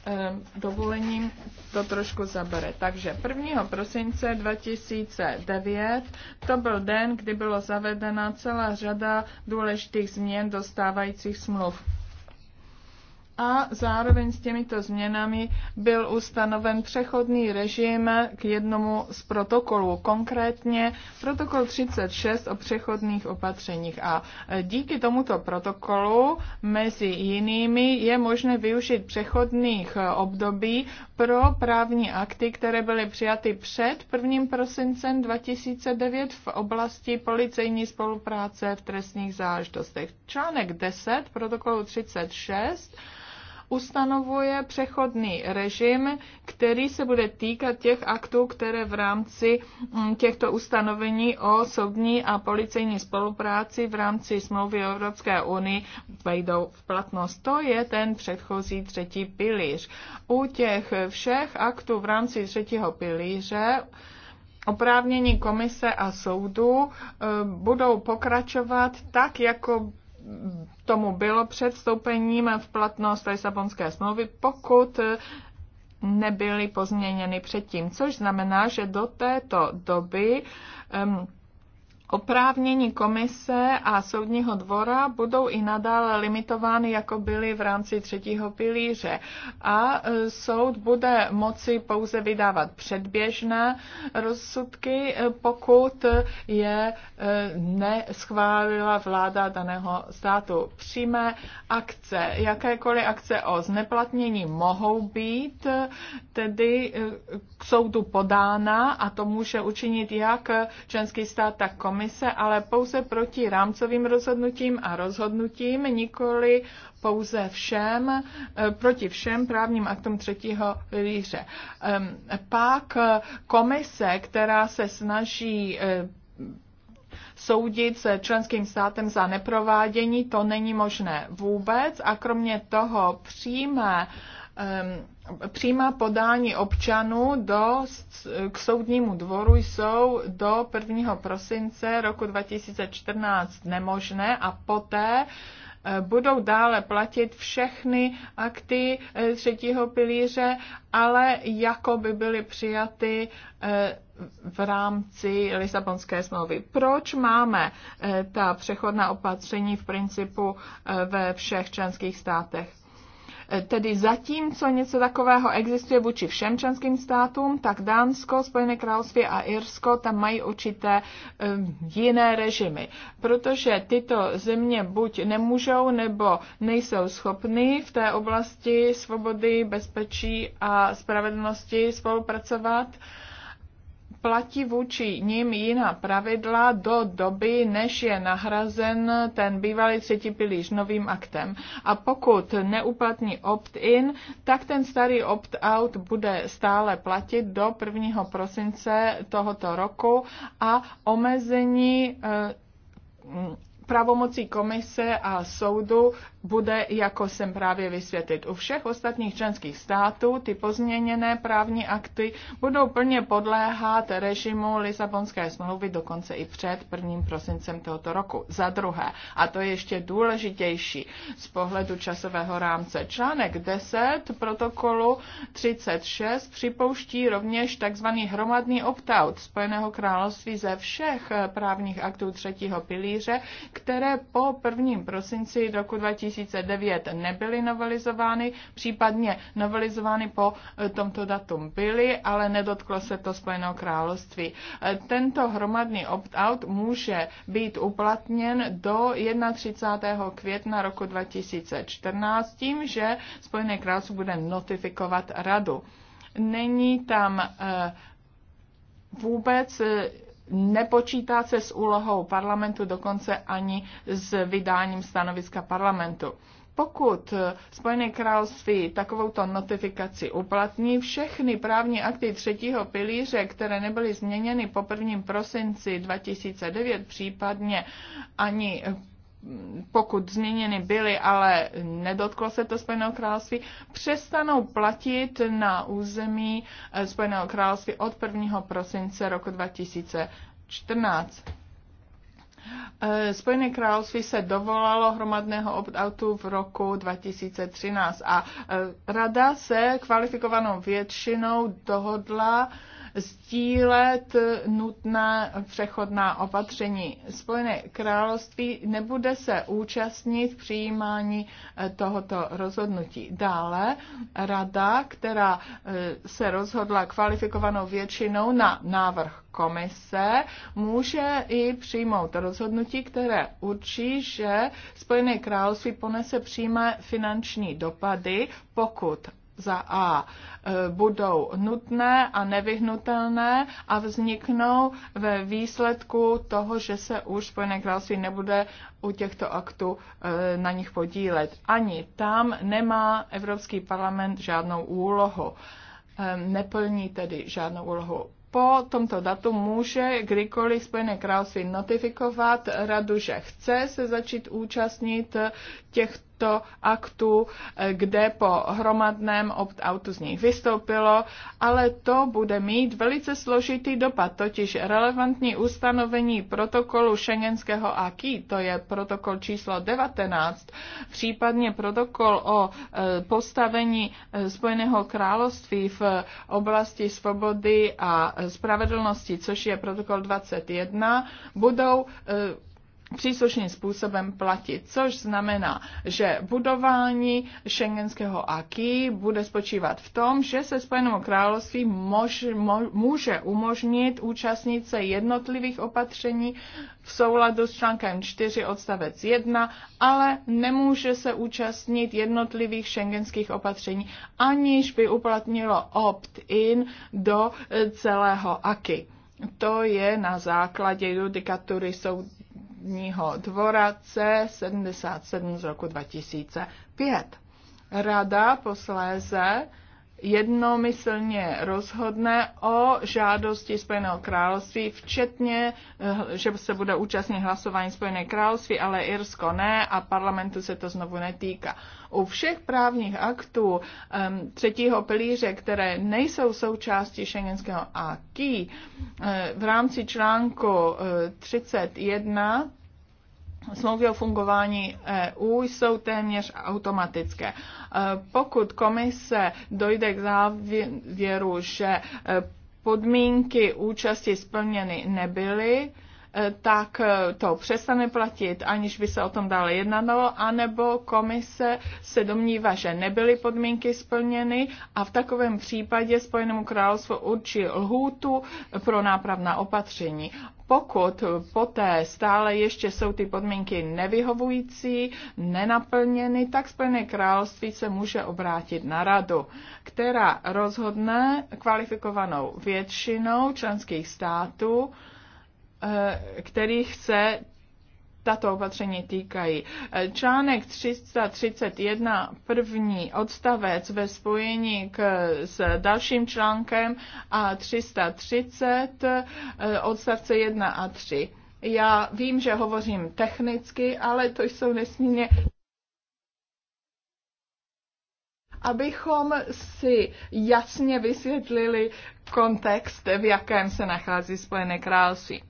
eh, dovolením to trošku zabere. Takže 1. prosince 2009 to byl den, kdy bylo zavedena celá řada důležitých změn dostávajících smluv a zároveň s těmito změnami byl ustanoven přechodný režim k jednomu z protokolů, konkrétně protokol 36 o přechodných opatřeních. A e, díky tomuto protokolu mezi jinými je možné využít přechodných e, období pro právní akty, které byly přijaty před 1. prosincem 2009 v oblasti policejní spolupráce v trestních záležitostech. Článek 10 protokolu 36 ustanovuje přechodný režim, který se bude týkat těch aktů, které v rámci mm, těchto ustanovení o soudní a policejní spolupráci v rámci smlouvy Evropské unii vejdou v platnost. To je ten předchozí třetí pilíř. U těch všech aktů v rámci třetího pilíře oprávnění komise a soudu e, budou pokračovat tak, jako tomu bylo před vstoupením v platnost Lisabonské smlouvy, pokud nebyly pozměněny předtím, což znamená, že do této doby um, Oprávnění komise a soudního dvora budou i nadále limitovány, jako byly v rámci třetího pilíře. A e, soud bude moci pouze vydávat předběžné rozsudky, e, pokud je e, neschválila vláda daného státu. Přímé akce, jakékoliv akce o zneplatnění mohou být tedy k soudu podána a to může učinit jak členský stát, tak komise komise, ale pouze proti rámcovým rozhodnutím a rozhodnutím, nikoli pouze všem, eh, proti všem právním aktům třetího líře. Pak eh, komise, která se snaží eh, soudit se členským státem za neprovádění, to není možné vůbec a kromě toho přímé přímá podání občanů do, k soudnímu dvoru jsou do 1. prosince roku 2014 nemožné a poté e, budou dále platit všechny akty e, třetího pilíře, ale jako by byly přijaty e, v rámci Lisabonské smlouvy. Proč máme ta přechodná opatření v principu ve všech členských státech? Tedy zatímco něco takového existuje vůči všem členským státům, tak Dánsko, Spojené království a Irsko tam mají určité um, jiné režimy, protože tyto země buď nemůžou nebo nejsou schopny v té oblasti svobody, bezpečí a spravedlnosti spolupracovat. Uh, platí vůči ním jiná pravidla do doby, než je nahrazen ten bývalý třetí pilíř novým aktem. A pokud neuplatní opt-in, tak ten starý opt-out bude stále platit do 1. prosince tohoto roku a omezení eh, pravomocí komise a soudu bude, jako jsem právě vysvětlit, u všech ostatních členských států ty pozměněné právní akty budou plně podléhat režimu Lisabonské smlouvy dokonce i před 1. prosincem tohoto roku. Za druhé, a to je ještě důležitější z pohledu časového rámce, článek 10 protokolu 36 připouští rovněž tzv. hromadný opt-out Spojeného království ze všech právních aktů třetího pilíře, které po 1. prosinci roku 2000 2009 nebyly novelizovány, případně novelizovány po eh, tomto datum byly, ale nedotklo se to Spojeného království. Eh, tento hromadný opt-out může být uplatněn do 31. května roku 2014 tím, že Spojené království bude notifikovat radu. Není tam eh, vůbec nepočítá se s úlohou parlamentu, dokonce ani s vydáním stanoviska parlamentu. Pokud Spojené království takovouto notifikaci uplatní, všechny právní akty třetího pilíře, které nebyly změněny po 1. prosinci 2009, případně ani pokud změněny byly, ale nedotklo se to Spojeného království, přestanou platit na území eh, Spojeného království od 1. prosince roku 2014. Eh, Spojené království se dovolalo hromadného opt-outu v roku 2013 a eh, rada se kvalifikovanou většinou dohodla sdílet nutná přechodná opatření. Spojené království nebude se účastnit přijímání eh, tohoto rozhodnutí. Dále rada, která eh, se rozhodla kvalifikovanou většinou na návrh komise, může i přijmout rozhodnutí, které určí, že Spojené království ponese přímé finanční dopady, pokud za A e, budou nutné a nevyhnutelné a vzniknou ve výsledku toho, že se už Spojené království nebude u těchto aktů e, na nich podílet. Ani tam nemá Evropský parlament žádnou úlohu. E, neplní tedy žádnou úlohu po tomto datu může kdykoliv Spojené království notifikovat radu, že chce se začít účastnit těch těchto aktu, eh, kde po hromadném opt-outu z nich vystoupilo, ale to bude mít velice složitý dopad, totiž relevantní ustanovení protokolu šengenského AKI, to je protokol číslo 19, případně protokol o eh, postavení eh, Spojeného království v oblasti svobody a spravedlnosti, což je protokol 21, budou příslušným způsobem platit, což znamená, že budování šengenského AKI bude spočívat v tom, že se Spojenému království mož, mo, může umožnit účastnit se jednotlivých opatření v souladu s článkem 4 odstavec 1, ale nemůže se účastnit jednotlivých šengenských opatření, aniž by uplatnilo opt-in do e, celého AKI. To je na základě judikatury soud, soudního dvora C77 z roku 2005. Rada posléze jednomyslně rozhodne o žádosti Spojeného království, včetně, eh, že se bude účastnit hlasování Spojené království, ale Irsko ne a parlamentu se to znovu netýká. U všech právních aktů um, třetího pilíře, které nejsou součástí šengenského AKI, eh, v rámci článku 31 eh, smlouvy o fungování EU jsou téměř automatické. E, pokud komise dojde k závěru, že e, podmínky účasti splněny nebyly, e, tak to přestane platit, aniž by se o tom dále jednalo, anebo komise se domnívá, že nebyly podmínky splněny a v takovém případě Spojenému královstvu určí lhůtu pro nápravná opatření pokud poté stále ještě jsou ty podmínky nevyhovující, nenaplněny, tak Spojené království se může obrátit na radu, která rozhodne kvalifikovanou většinou členských států, eh, který chce tato opatření týkají. Eh, článek 331, první odstavec ve spojení k, s dalším článkem a 330, eh, odstavce 1 a 3. Já vím, že hovořím technicky, ale to jsou nesmírně abychom si jasně vysvětlili kontext, v jakém se nachází Spojené království.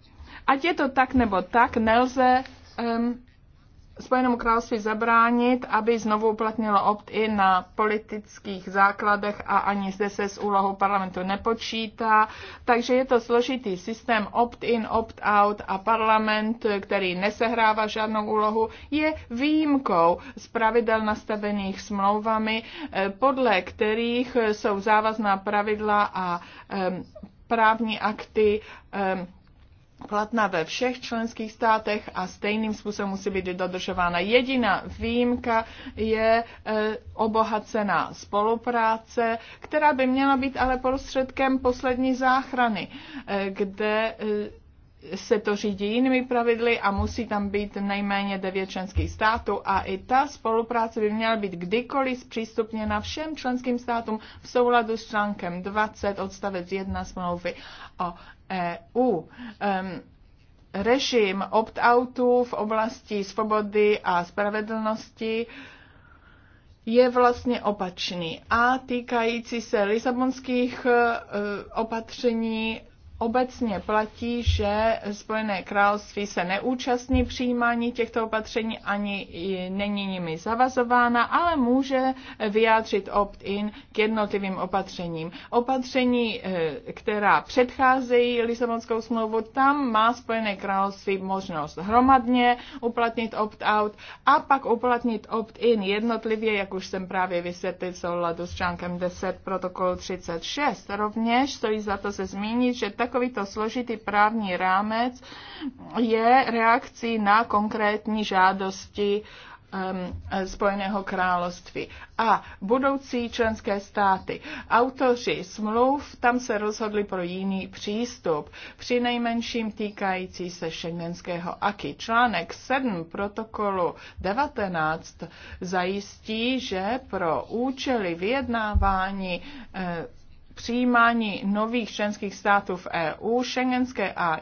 Ať je to tak nebo tak, nelze um, Spojenému království zabránit, aby znovu uplatnilo opt-in na politických základech a ani zde se s úlohou parlamentu nepočítá. Takže je to složitý systém opt-in, opt-out a parlament, který nesehrává žádnou úlohu, je výjimkou z pravidel nastavených smlouvami, eh, podle kterých jsou závazná pravidla a právní akty platná ve všech členských státech a stejným způsobem musí být dodržována. Jediná výjimka je e, obohacená spolupráce, která by měla být ale prostředkem poslední záchrany, e, kde e, se to řídí jinými pravidly a musí tam být nejméně devět členských států a i ta spolupráce by měla být kdykoliv zpřístupněna všem členským státům v souladu s článkem 20 odstavec 1 smlouvy o EU režim opt-outu v oblasti svobody a spravedlnosti je vlastně opačný a týkající se lisabonských e, opatření obecně platí, že Spojené království se neúčastní přijímání těchto opatření ani není nimi zavazována, ale může vyjádřit opt-in k jednotlivým opatřením. Opatření, eh, která předcházejí Lisabonskou smlouvu, tam má Spojené království možnost hromadně uplatnit opt-out a pak uplatnit opt-in jednotlivě, jak už jsem právě vysvětlil v souladu s článkem 10 protokolu 36. Rovněž stojí za to se zmínit, že tak takovýto složitý právní rámec je reakcí na konkrétní žádosti Spojeného království a budoucí členské státy. Autoři smluv tam se rozhodli pro jiný přístup, při nejmenším týkající se šengenského aky. Článek 7 protokolu 19 zajistí, že pro účely vyjednávání eh, přijímání nových členských států v EU, šengenské a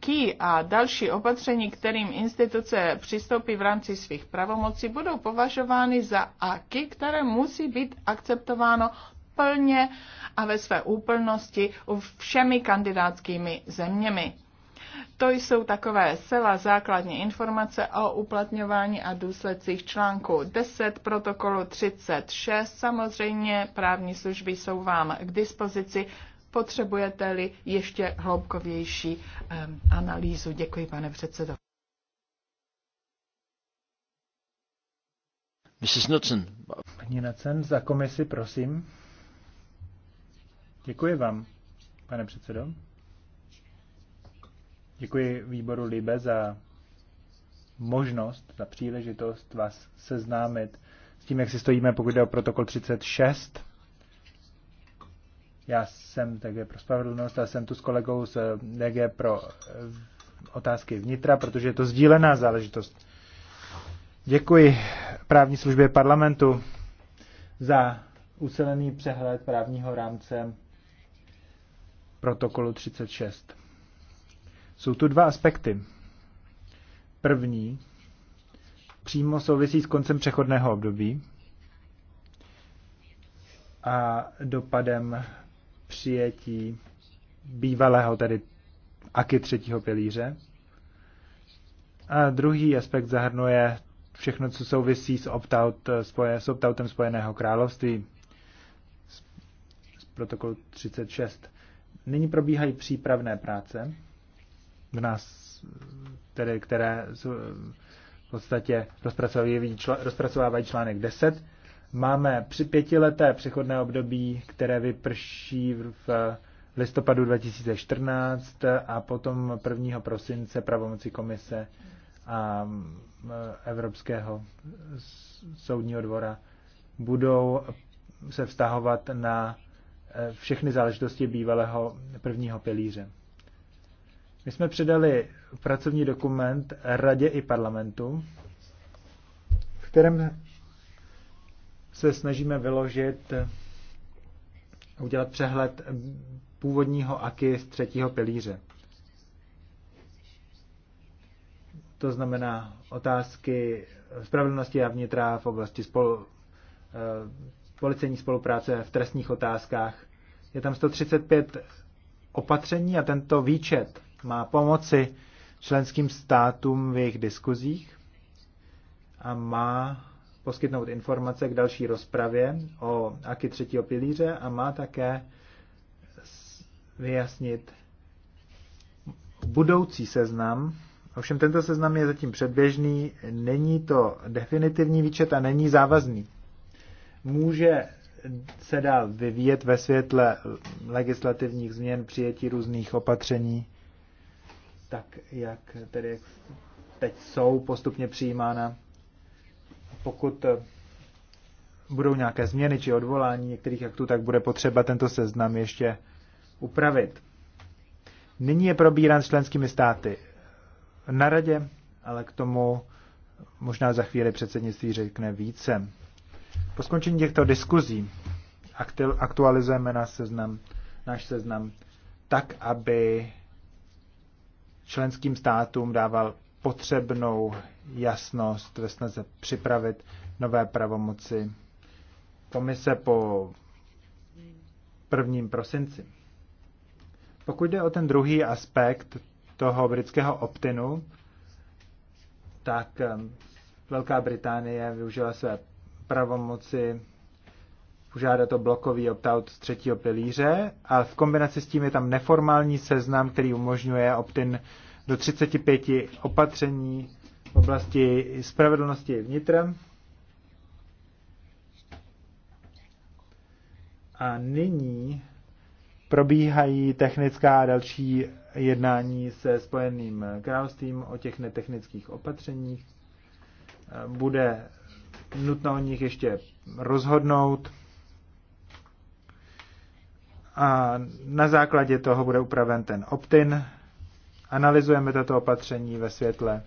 KI a další opatření, kterým instituce přistoupí v rámci svých pravomocí, budou považovány za AKI, které musí být akceptováno plně a ve své úplnosti všemi kandidátskými zeměmi. To jsou takové zcela základní informace o uplatňování a důsledcích článku 10 protokolu 36. Samozřejmě právní služby jsou vám k dispozici, potřebujete-li ještě hloubkovější um, analýzu. Děkuji, pane předsedo. Mrs. Knudsen. za komisi, prosím. Děkuji vám, pane předsedo. Děkuji výboru Libe za možnost, za příležitost vás seznámit s tím, jak si stojíme, pokud jde o protokol 36. Já jsem také pro spravedlnost a jsem tu s kolegou z DG pro eh, otázky vnitra, protože je to sdílená záležitost. Děkuji právní službě parlamentu za ucelený přehled právního rámce protokolu 36. Jsou tu dva aspekty. První přímo souvisí s koncem přechodného období a dopadem přijetí bývalého, tedy aky třetího pilíře. A druhý aspekt zahrnuje všechno, co souvisí s, opt-out, s opt Spojeného království z protokolu 36. Nyní probíhají přípravné práce v nás, tedy, které eh, v podstatě rozpracovávají, čl, rozpracovávají článek 10. Máme při pětileté přechodné období, které vyprší v listopadu 2014 a potom 1. prosince pravomoci komise a Evropského soudního dvora budou se vztahovat na eh, všechny záležitosti bývalého prvního pilíře. My jsme předali pracovní dokument radě i parlamentu, v kterém se snažíme vyložit, udělat přehled původního aky z třetího pilíře. To znamená otázky spravedlnosti a vnitra v oblasti spolu, eh, policejní spolupráce v trestních otázkách. Je tam 135 opatření a tento výčet má pomoci členským státům v jejich diskuzích a má poskytnout informace k další rozpravě o aky třetího pilíře a má také vyjasnit budoucí seznam. Ovšem tento seznam je zatím předběžný, není to definitivní výčet a není závazný. Může se dál vyvíjet ve světle legislativních změn, přijetí různých opatření tak jak tedy teď jsou postupně přijímána. Pokud eh, budou nějaké změny či odvolání některých aktů, tak bude potřeba tento seznam ještě upravit. Nyní je probíran s členskými státy na radě, ale k tomu možná za chvíli předsednictví řekne více. Po skončení těchto diskuzí aktualizujeme náš seznam, náš seznam tak, aby členským státům dával potřebnou jasnost ve snaze připravit nové pravomoci komise po prvním prosinci. Pokud jde o ten druhý aspekt toho britského optinu, tak ehm, Velká Británie využila své pravomoci požádat o blokový opt-out z třetího pilíře a v kombinaci s tím je tam neformální seznam, který umožňuje opt-in do 35 opatření v oblasti spravedlnosti vnitrem. A nyní probíhají technická a další jednání se Spojeným královstvím o těch netechnických opatřeních. Bude nutno o nich ještě rozhodnout. A na základě toho bude upraven ten opt-in. Analyzujeme tato opatření ve světle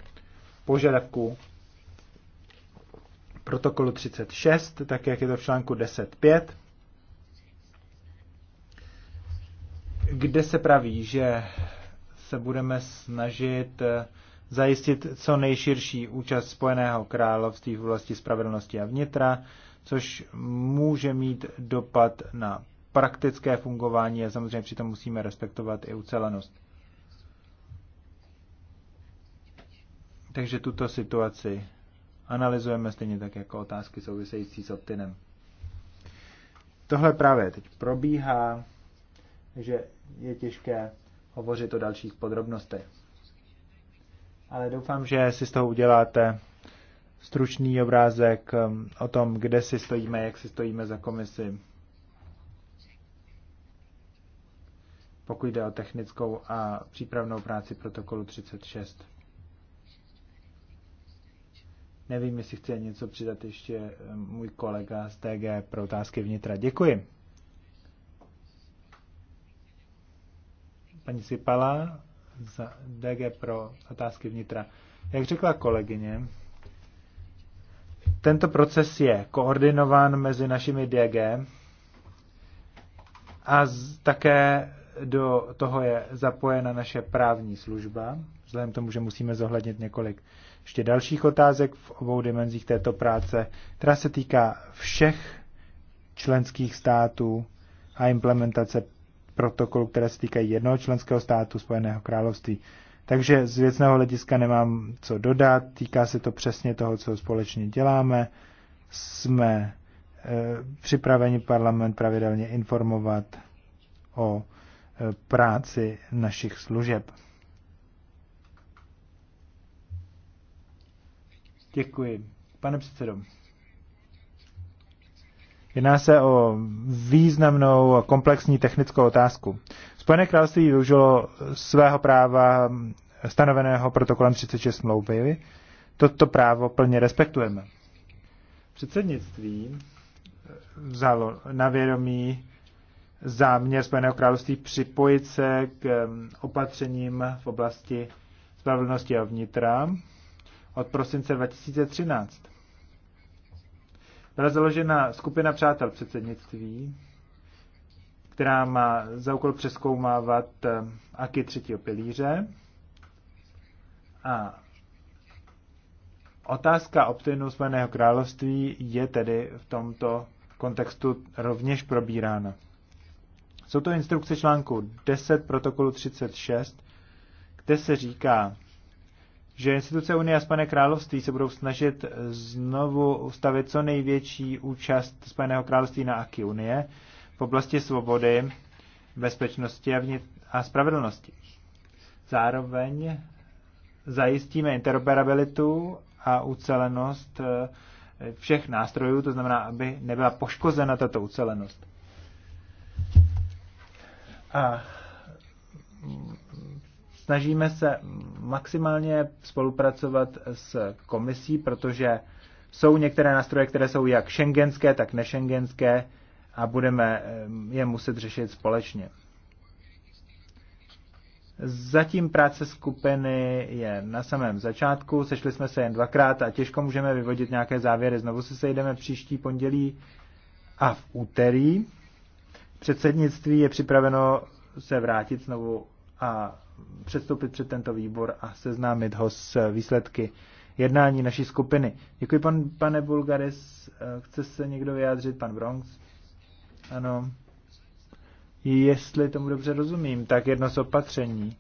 požadavků protokolu 36, tak jak je to v článku 10.5, kde se praví, že se budeme snažit eh, zajistit co nejširší účast Spojeného království v oblasti spravedlnosti a vnitra, což může mít dopad na praktické fungování a samozřejmě přitom musíme respektovat i ucelenost. Takže tuto situaci analyzujeme stejně tak jako otázky související s optinem. Tohle právě teď probíhá, takže je těžké hovořit o dalších podrobnostech. Ale doufám, že si z toho uděláte stručný obrázek um, o tom, kde si stojíme, jak si stojíme za komisi pokud jde o technickou a přípravnou práci protokolu 36. Nevím, jestli chce něco přidat ještě eh, můj kolega z TG pro otázky vnitra. Děkuji. Paní Sipala z DG pro otázky vnitra. Jak řekla kolegyně, tento proces je koordinován mezi našimi DG a z, také do toho je zapojena naše právní služba, vzhledem k tomu, že musíme zohlednit několik ještě dalších otázek v obou dimenzích této práce, která se týká všech členských států a implementace protokolů, které se týkají jednoho členského státu Spojeného království. Takže z věcného hlediska nemám co dodat, týká se to přesně toho, co společně děláme. Jsme e, připraveni parlament pravidelně informovat o práci našich služeb. Děkuji. Pane předsedo. Jedná se o významnou komplexní technickou otázku. Spojené království využilo svého práva stanoveného protokolem 36 smlouvy. Toto právo plně respektujeme. Předsednictví vzalo na vědomí záměr Spojeného království připojit se k opatřením v oblasti spravedlnosti a vnitra od prosince 2013. Byla založena skupina přátel předsednictví, která má za úkol přeskoumávat aky třetího pilíře. A otázka obtejnou Spojeného království je tedy v tomto kontextu rovněž probírána. Jsou to instrukce článku 10 protokolu 36, kde se říká, že instituce Unie a Spojené království se budou snažit znovu ustavit co největší účast Spojeného království na aky Unie v oblasti svobody, bezpečnosti a, vnit- a spravedlnosti. Zároveň zajistíme interoperabilitu a ucelenost eh, všech nástrojů, to znamená, aby nebyla poškozena tato ucelenost snažíme se maximálně spolupracovat s komisí, protože jsou některé nástroje, které jsou jak šengenské, tak nešengenské a budeme eh, je muset řešit společně. Zatím práce skupiny je na samém začátku, sešli jsme se jen dvakrát a těžko můžeme vyvodit nějaké závěry. Znovu se sejdeme příští pondělí a v úterý Předsednictví je připraveno se vrátit znovu a předstoupit před tento výbor a seznámit ho s výsledky jednání naší skupiny. Děkuji, pan, pane Bulgaris. Chce se někdo vyjádřit? Pan Bronx? Ano. Jestli tomu dobře rozumím, tak jedno z opatření,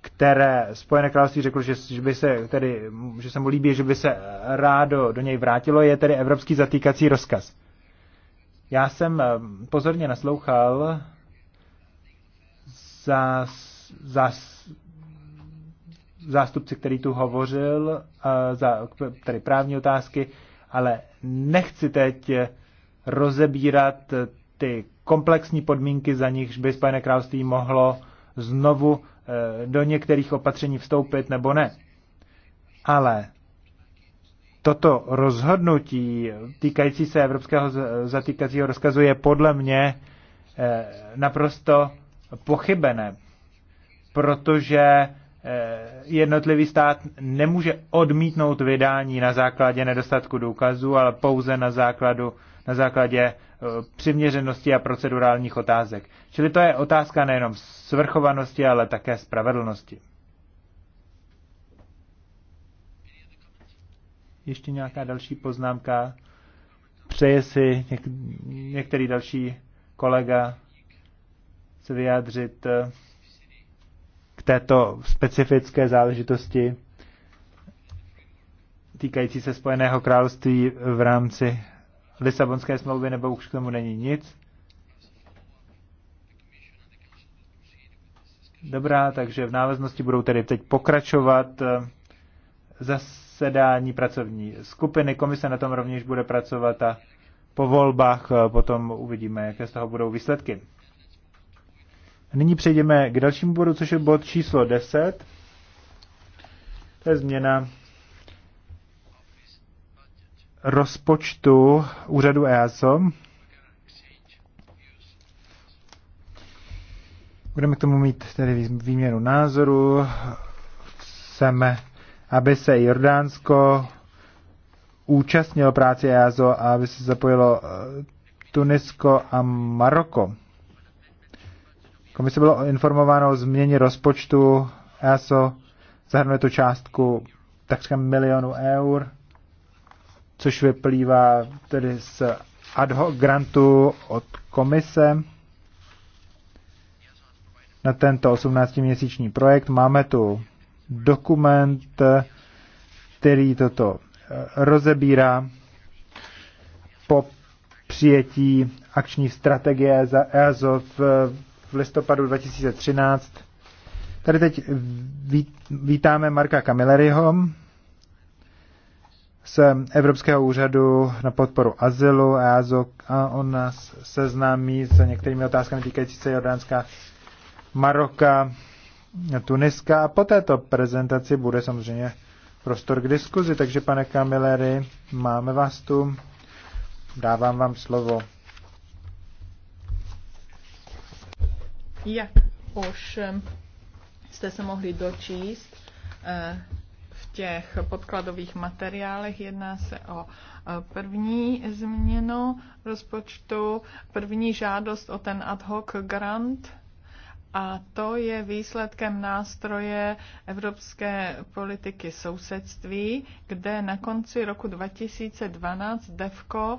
které Spojené království řeklo, že, že, by se, tedy, že se mu líbí, že by se rádo do něj vrátilo, je tedy evropský zatýkací rozkaz. Já jsem eh, pozorně naslouchal za za zástupci, který tu hovořil, eh, za, tedy právní otázky, ale nechci teď rozebírat ty komplexní podmínky, za nichž by Spojené království mohlo znovu eh, do některých opatření vstoupit nebo ne. Ale toto rozhodnutí týkající se evropského zatýkacího rozkazu je podle mě eh, naprosto pochybené, protože eh, jednotlivý stát nemůže odmítnout vydání na základě nedostatku důkazů, ale pouze na, základu, na základě eh, přiměřenosti a procedurálních otázek. Čili to je otázka nejenom svrchovanosti, ale také spravedlnosti. ještě nějaká další poznámka? Přeje si něk- některý další kolega se vyjádřit eh, k této specifické záležitosti týkající se Spojeného království v rámci Lisabonské smlouvy, nebo už k tomu není nic? Dobrá, takže v návaznosti budou tedy teď pokračovat eh, zasedání pracovní skupiny. Komise na tom rovněž bude pracovat a po volbách eh, potom uvidíme, jaké z toho budou výsledky. Nyní přejdeme k dalšímu bodu, což je bod číslo 10. To je změna rozpočtu úřadu EASO. Budeme k tomu mít tedy výměnu názoru. Chceme aby se Jordánsko účastnilo práce EASO a aby se zapojilo eh, Tunisko a Maroko. Komise bylo informováno o změně rozpočtu EASO, zahrnuje to částku takřka milionu eur, což vyplývá tedy z ad hoc grantu od komise na tento 18-měsíční projekt. Máme tu dokument, který toto eh, rozebírá po přijetí akční strategie za EASO v, v listopadu 2013. Tady teď vítáme Marka Kamilleryho z Evropského úřadu na podporu azylu EASO a on nás seznámí s některými otázkami týkající se Jordánska, Maroka, Tuniska a po této prezentaci bude samozřejmě prostor k diskuzi, takže pane Kamilery, máme vás tu, dávám vám slovo. Jak už jste se mohli dočíst, eh, v těch podkladových materiálech. Jedná se o eh, první změnu rozpočtu, první žádost o ten ad hoc grant a to je výsledkem nástroje evropské politiky sousedství, kde na konci roku 2012 DEVKO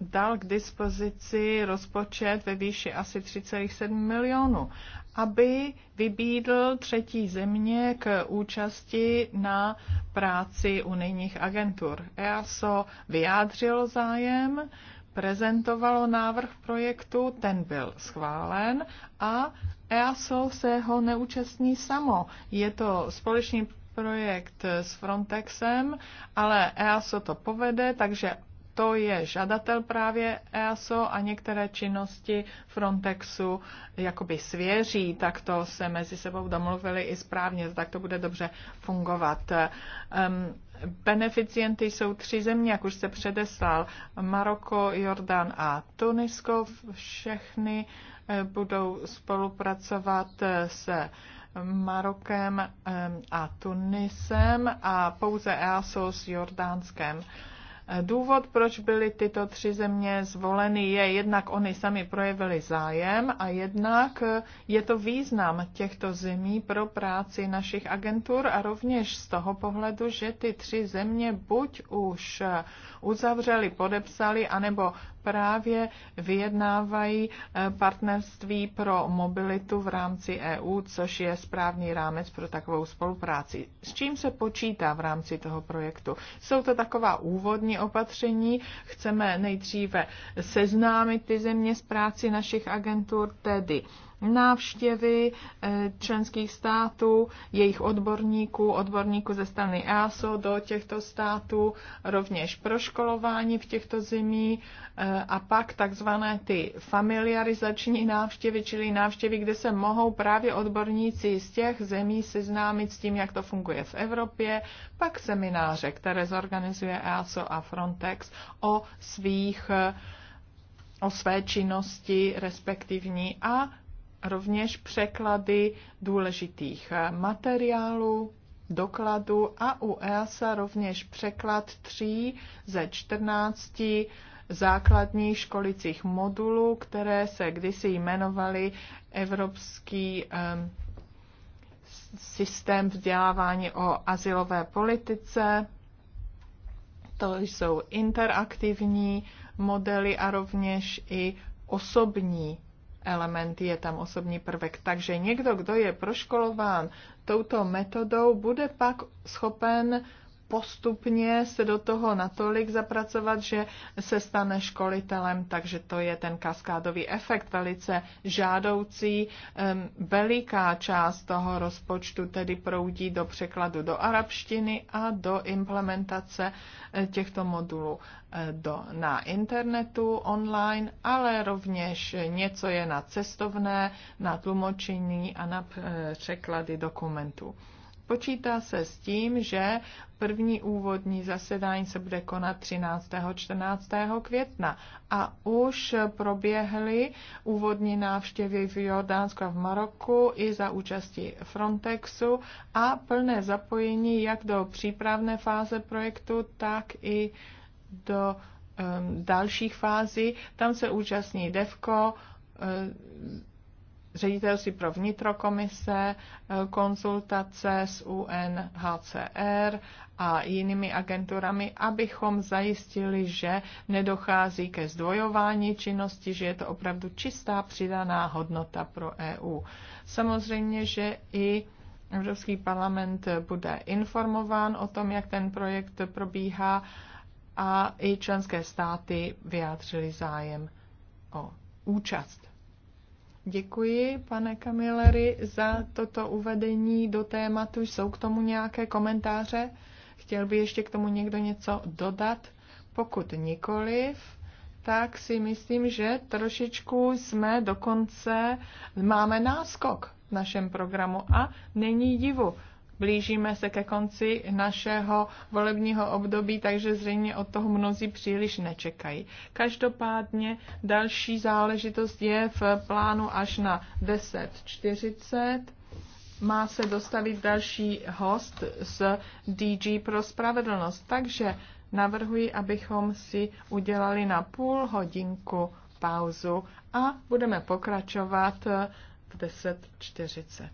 dal k dispozici rozpočet ve výši asi 3,7 milionů, aby vybídl třetí země k účasti na práci unijních agentur. EASO vyjádřil zájem, prezentovalo návrh projektu, ten byl schválen a EASO se ho neúčastní samo. Je to společný projekt s Frontexem, ale EASO to povede, takže to je žadatel právě EASO a některé činnosti Frontexu jakoby svěří, tak to se mezi sebou domluvili i správně, tak to bude dobře fungovat. Um, beneficienty jsou tři země, jak už se předeslal, Maroko, Jordán a Tunisko. Všechny eh, budou spolupracovat eh, se Marokem ehm, a Tunisem a pouze EASO s Jordánskem. Důvod, proč byly tyto tři země zvoleny, je jednak oni sami projevili zájem a jednak je to význam těchto zemí pro práci našich agentur a rovněž z toho pohledu, že ty tři země buď už uzavřeli, podepsali, anebo právě vyjednávají eh, partnerství pro mobilitu v rámci EU, což je správný rámec pro takovou spolupráci. S čím se počítá v rámci toho projektu? Jsou to taková úvodní opatření. Chceme nejdříve seznámit ty země s práci našich agentur, tedy návštěvy eh, členských států, jejich odborníků, odborníků ze strany EASO do těchto států, rovněž proškolování v těchto zemí eh, a pak takzvané ty familiarizační návštěvy, čili návštěvy, kde se mohou právě odborníci z těch zemí seznámit s tím, jak to funguje v Evropě, pak semináře, které zorganizuje EASO a Frontex o svých eh, o své činnosti respektivní a rovněž překlady důležitých eh, materiálů, dokladů a u EASA rovněž překlad 3 ze 14 základních školicích modulů, které se kdysi jmenovaly Evropský um, systém vzdělávání o asilové politice. To jsou interaktivní modely a rovněž i osobní element, je tam osobní prvek. Takže někdo, kdo je proškolován touto metodou, bude pak schopen postupně se do toho natolik zapracovat, že se stane školitelem, takže to je ten kaskádový efekt velice žádoucí. Veliká část toho rozpočtu tedy proudí do překladu do arabštiny a do implementace e, těchto modulů e, do, na internetu, online, ale rovněž něco je na cestovné, na tlumočení a na e, překlady dokumentů. Počítá se s tím, že první úvodní zasedání se bude konat 13. 14. května a už proběhly úvodní návštěvy v Jordánsku a v Maroku i za účasti Frontexu a plné zapojení jak do přípravné fáze projektu, tak i do um, dalších fází. Tam se účastní DEVKO, um, ředitelství pro vnitrokomise, eh, konzultace s UNHCR a jinými agenturami, abychom zajistili, že nedochází ke zdvojování činnosti, že je to opravdu čistá přidaná hodnota pro EU. Samozřejmě, že i Evropský parlament bude informován o tom, jak ten projekt probíhá a i členské státy vyjádřili zájem o účast. Děkuji, pane Kamilery, za toto uvedení do tématu. Jsou k tomu nějaké komentáře? Chtěl by ještě k tomu někdo něco dodat? Pokud nikoliv, tak si myslím, že trošičku jsme dokonce, máme náskok v našem programu a není divu Blížíme se ke konci našeho volebního období, takže zřejmě od toho mnozí příliš nečekají. Každopádně další záležitost je v plánu až na 10.40 má se dostavit další host z DG pro spravedlnost. Takže navrhuji, abychom si udělali na půl hodinku pauzu a budeme pokračovat v 10.40.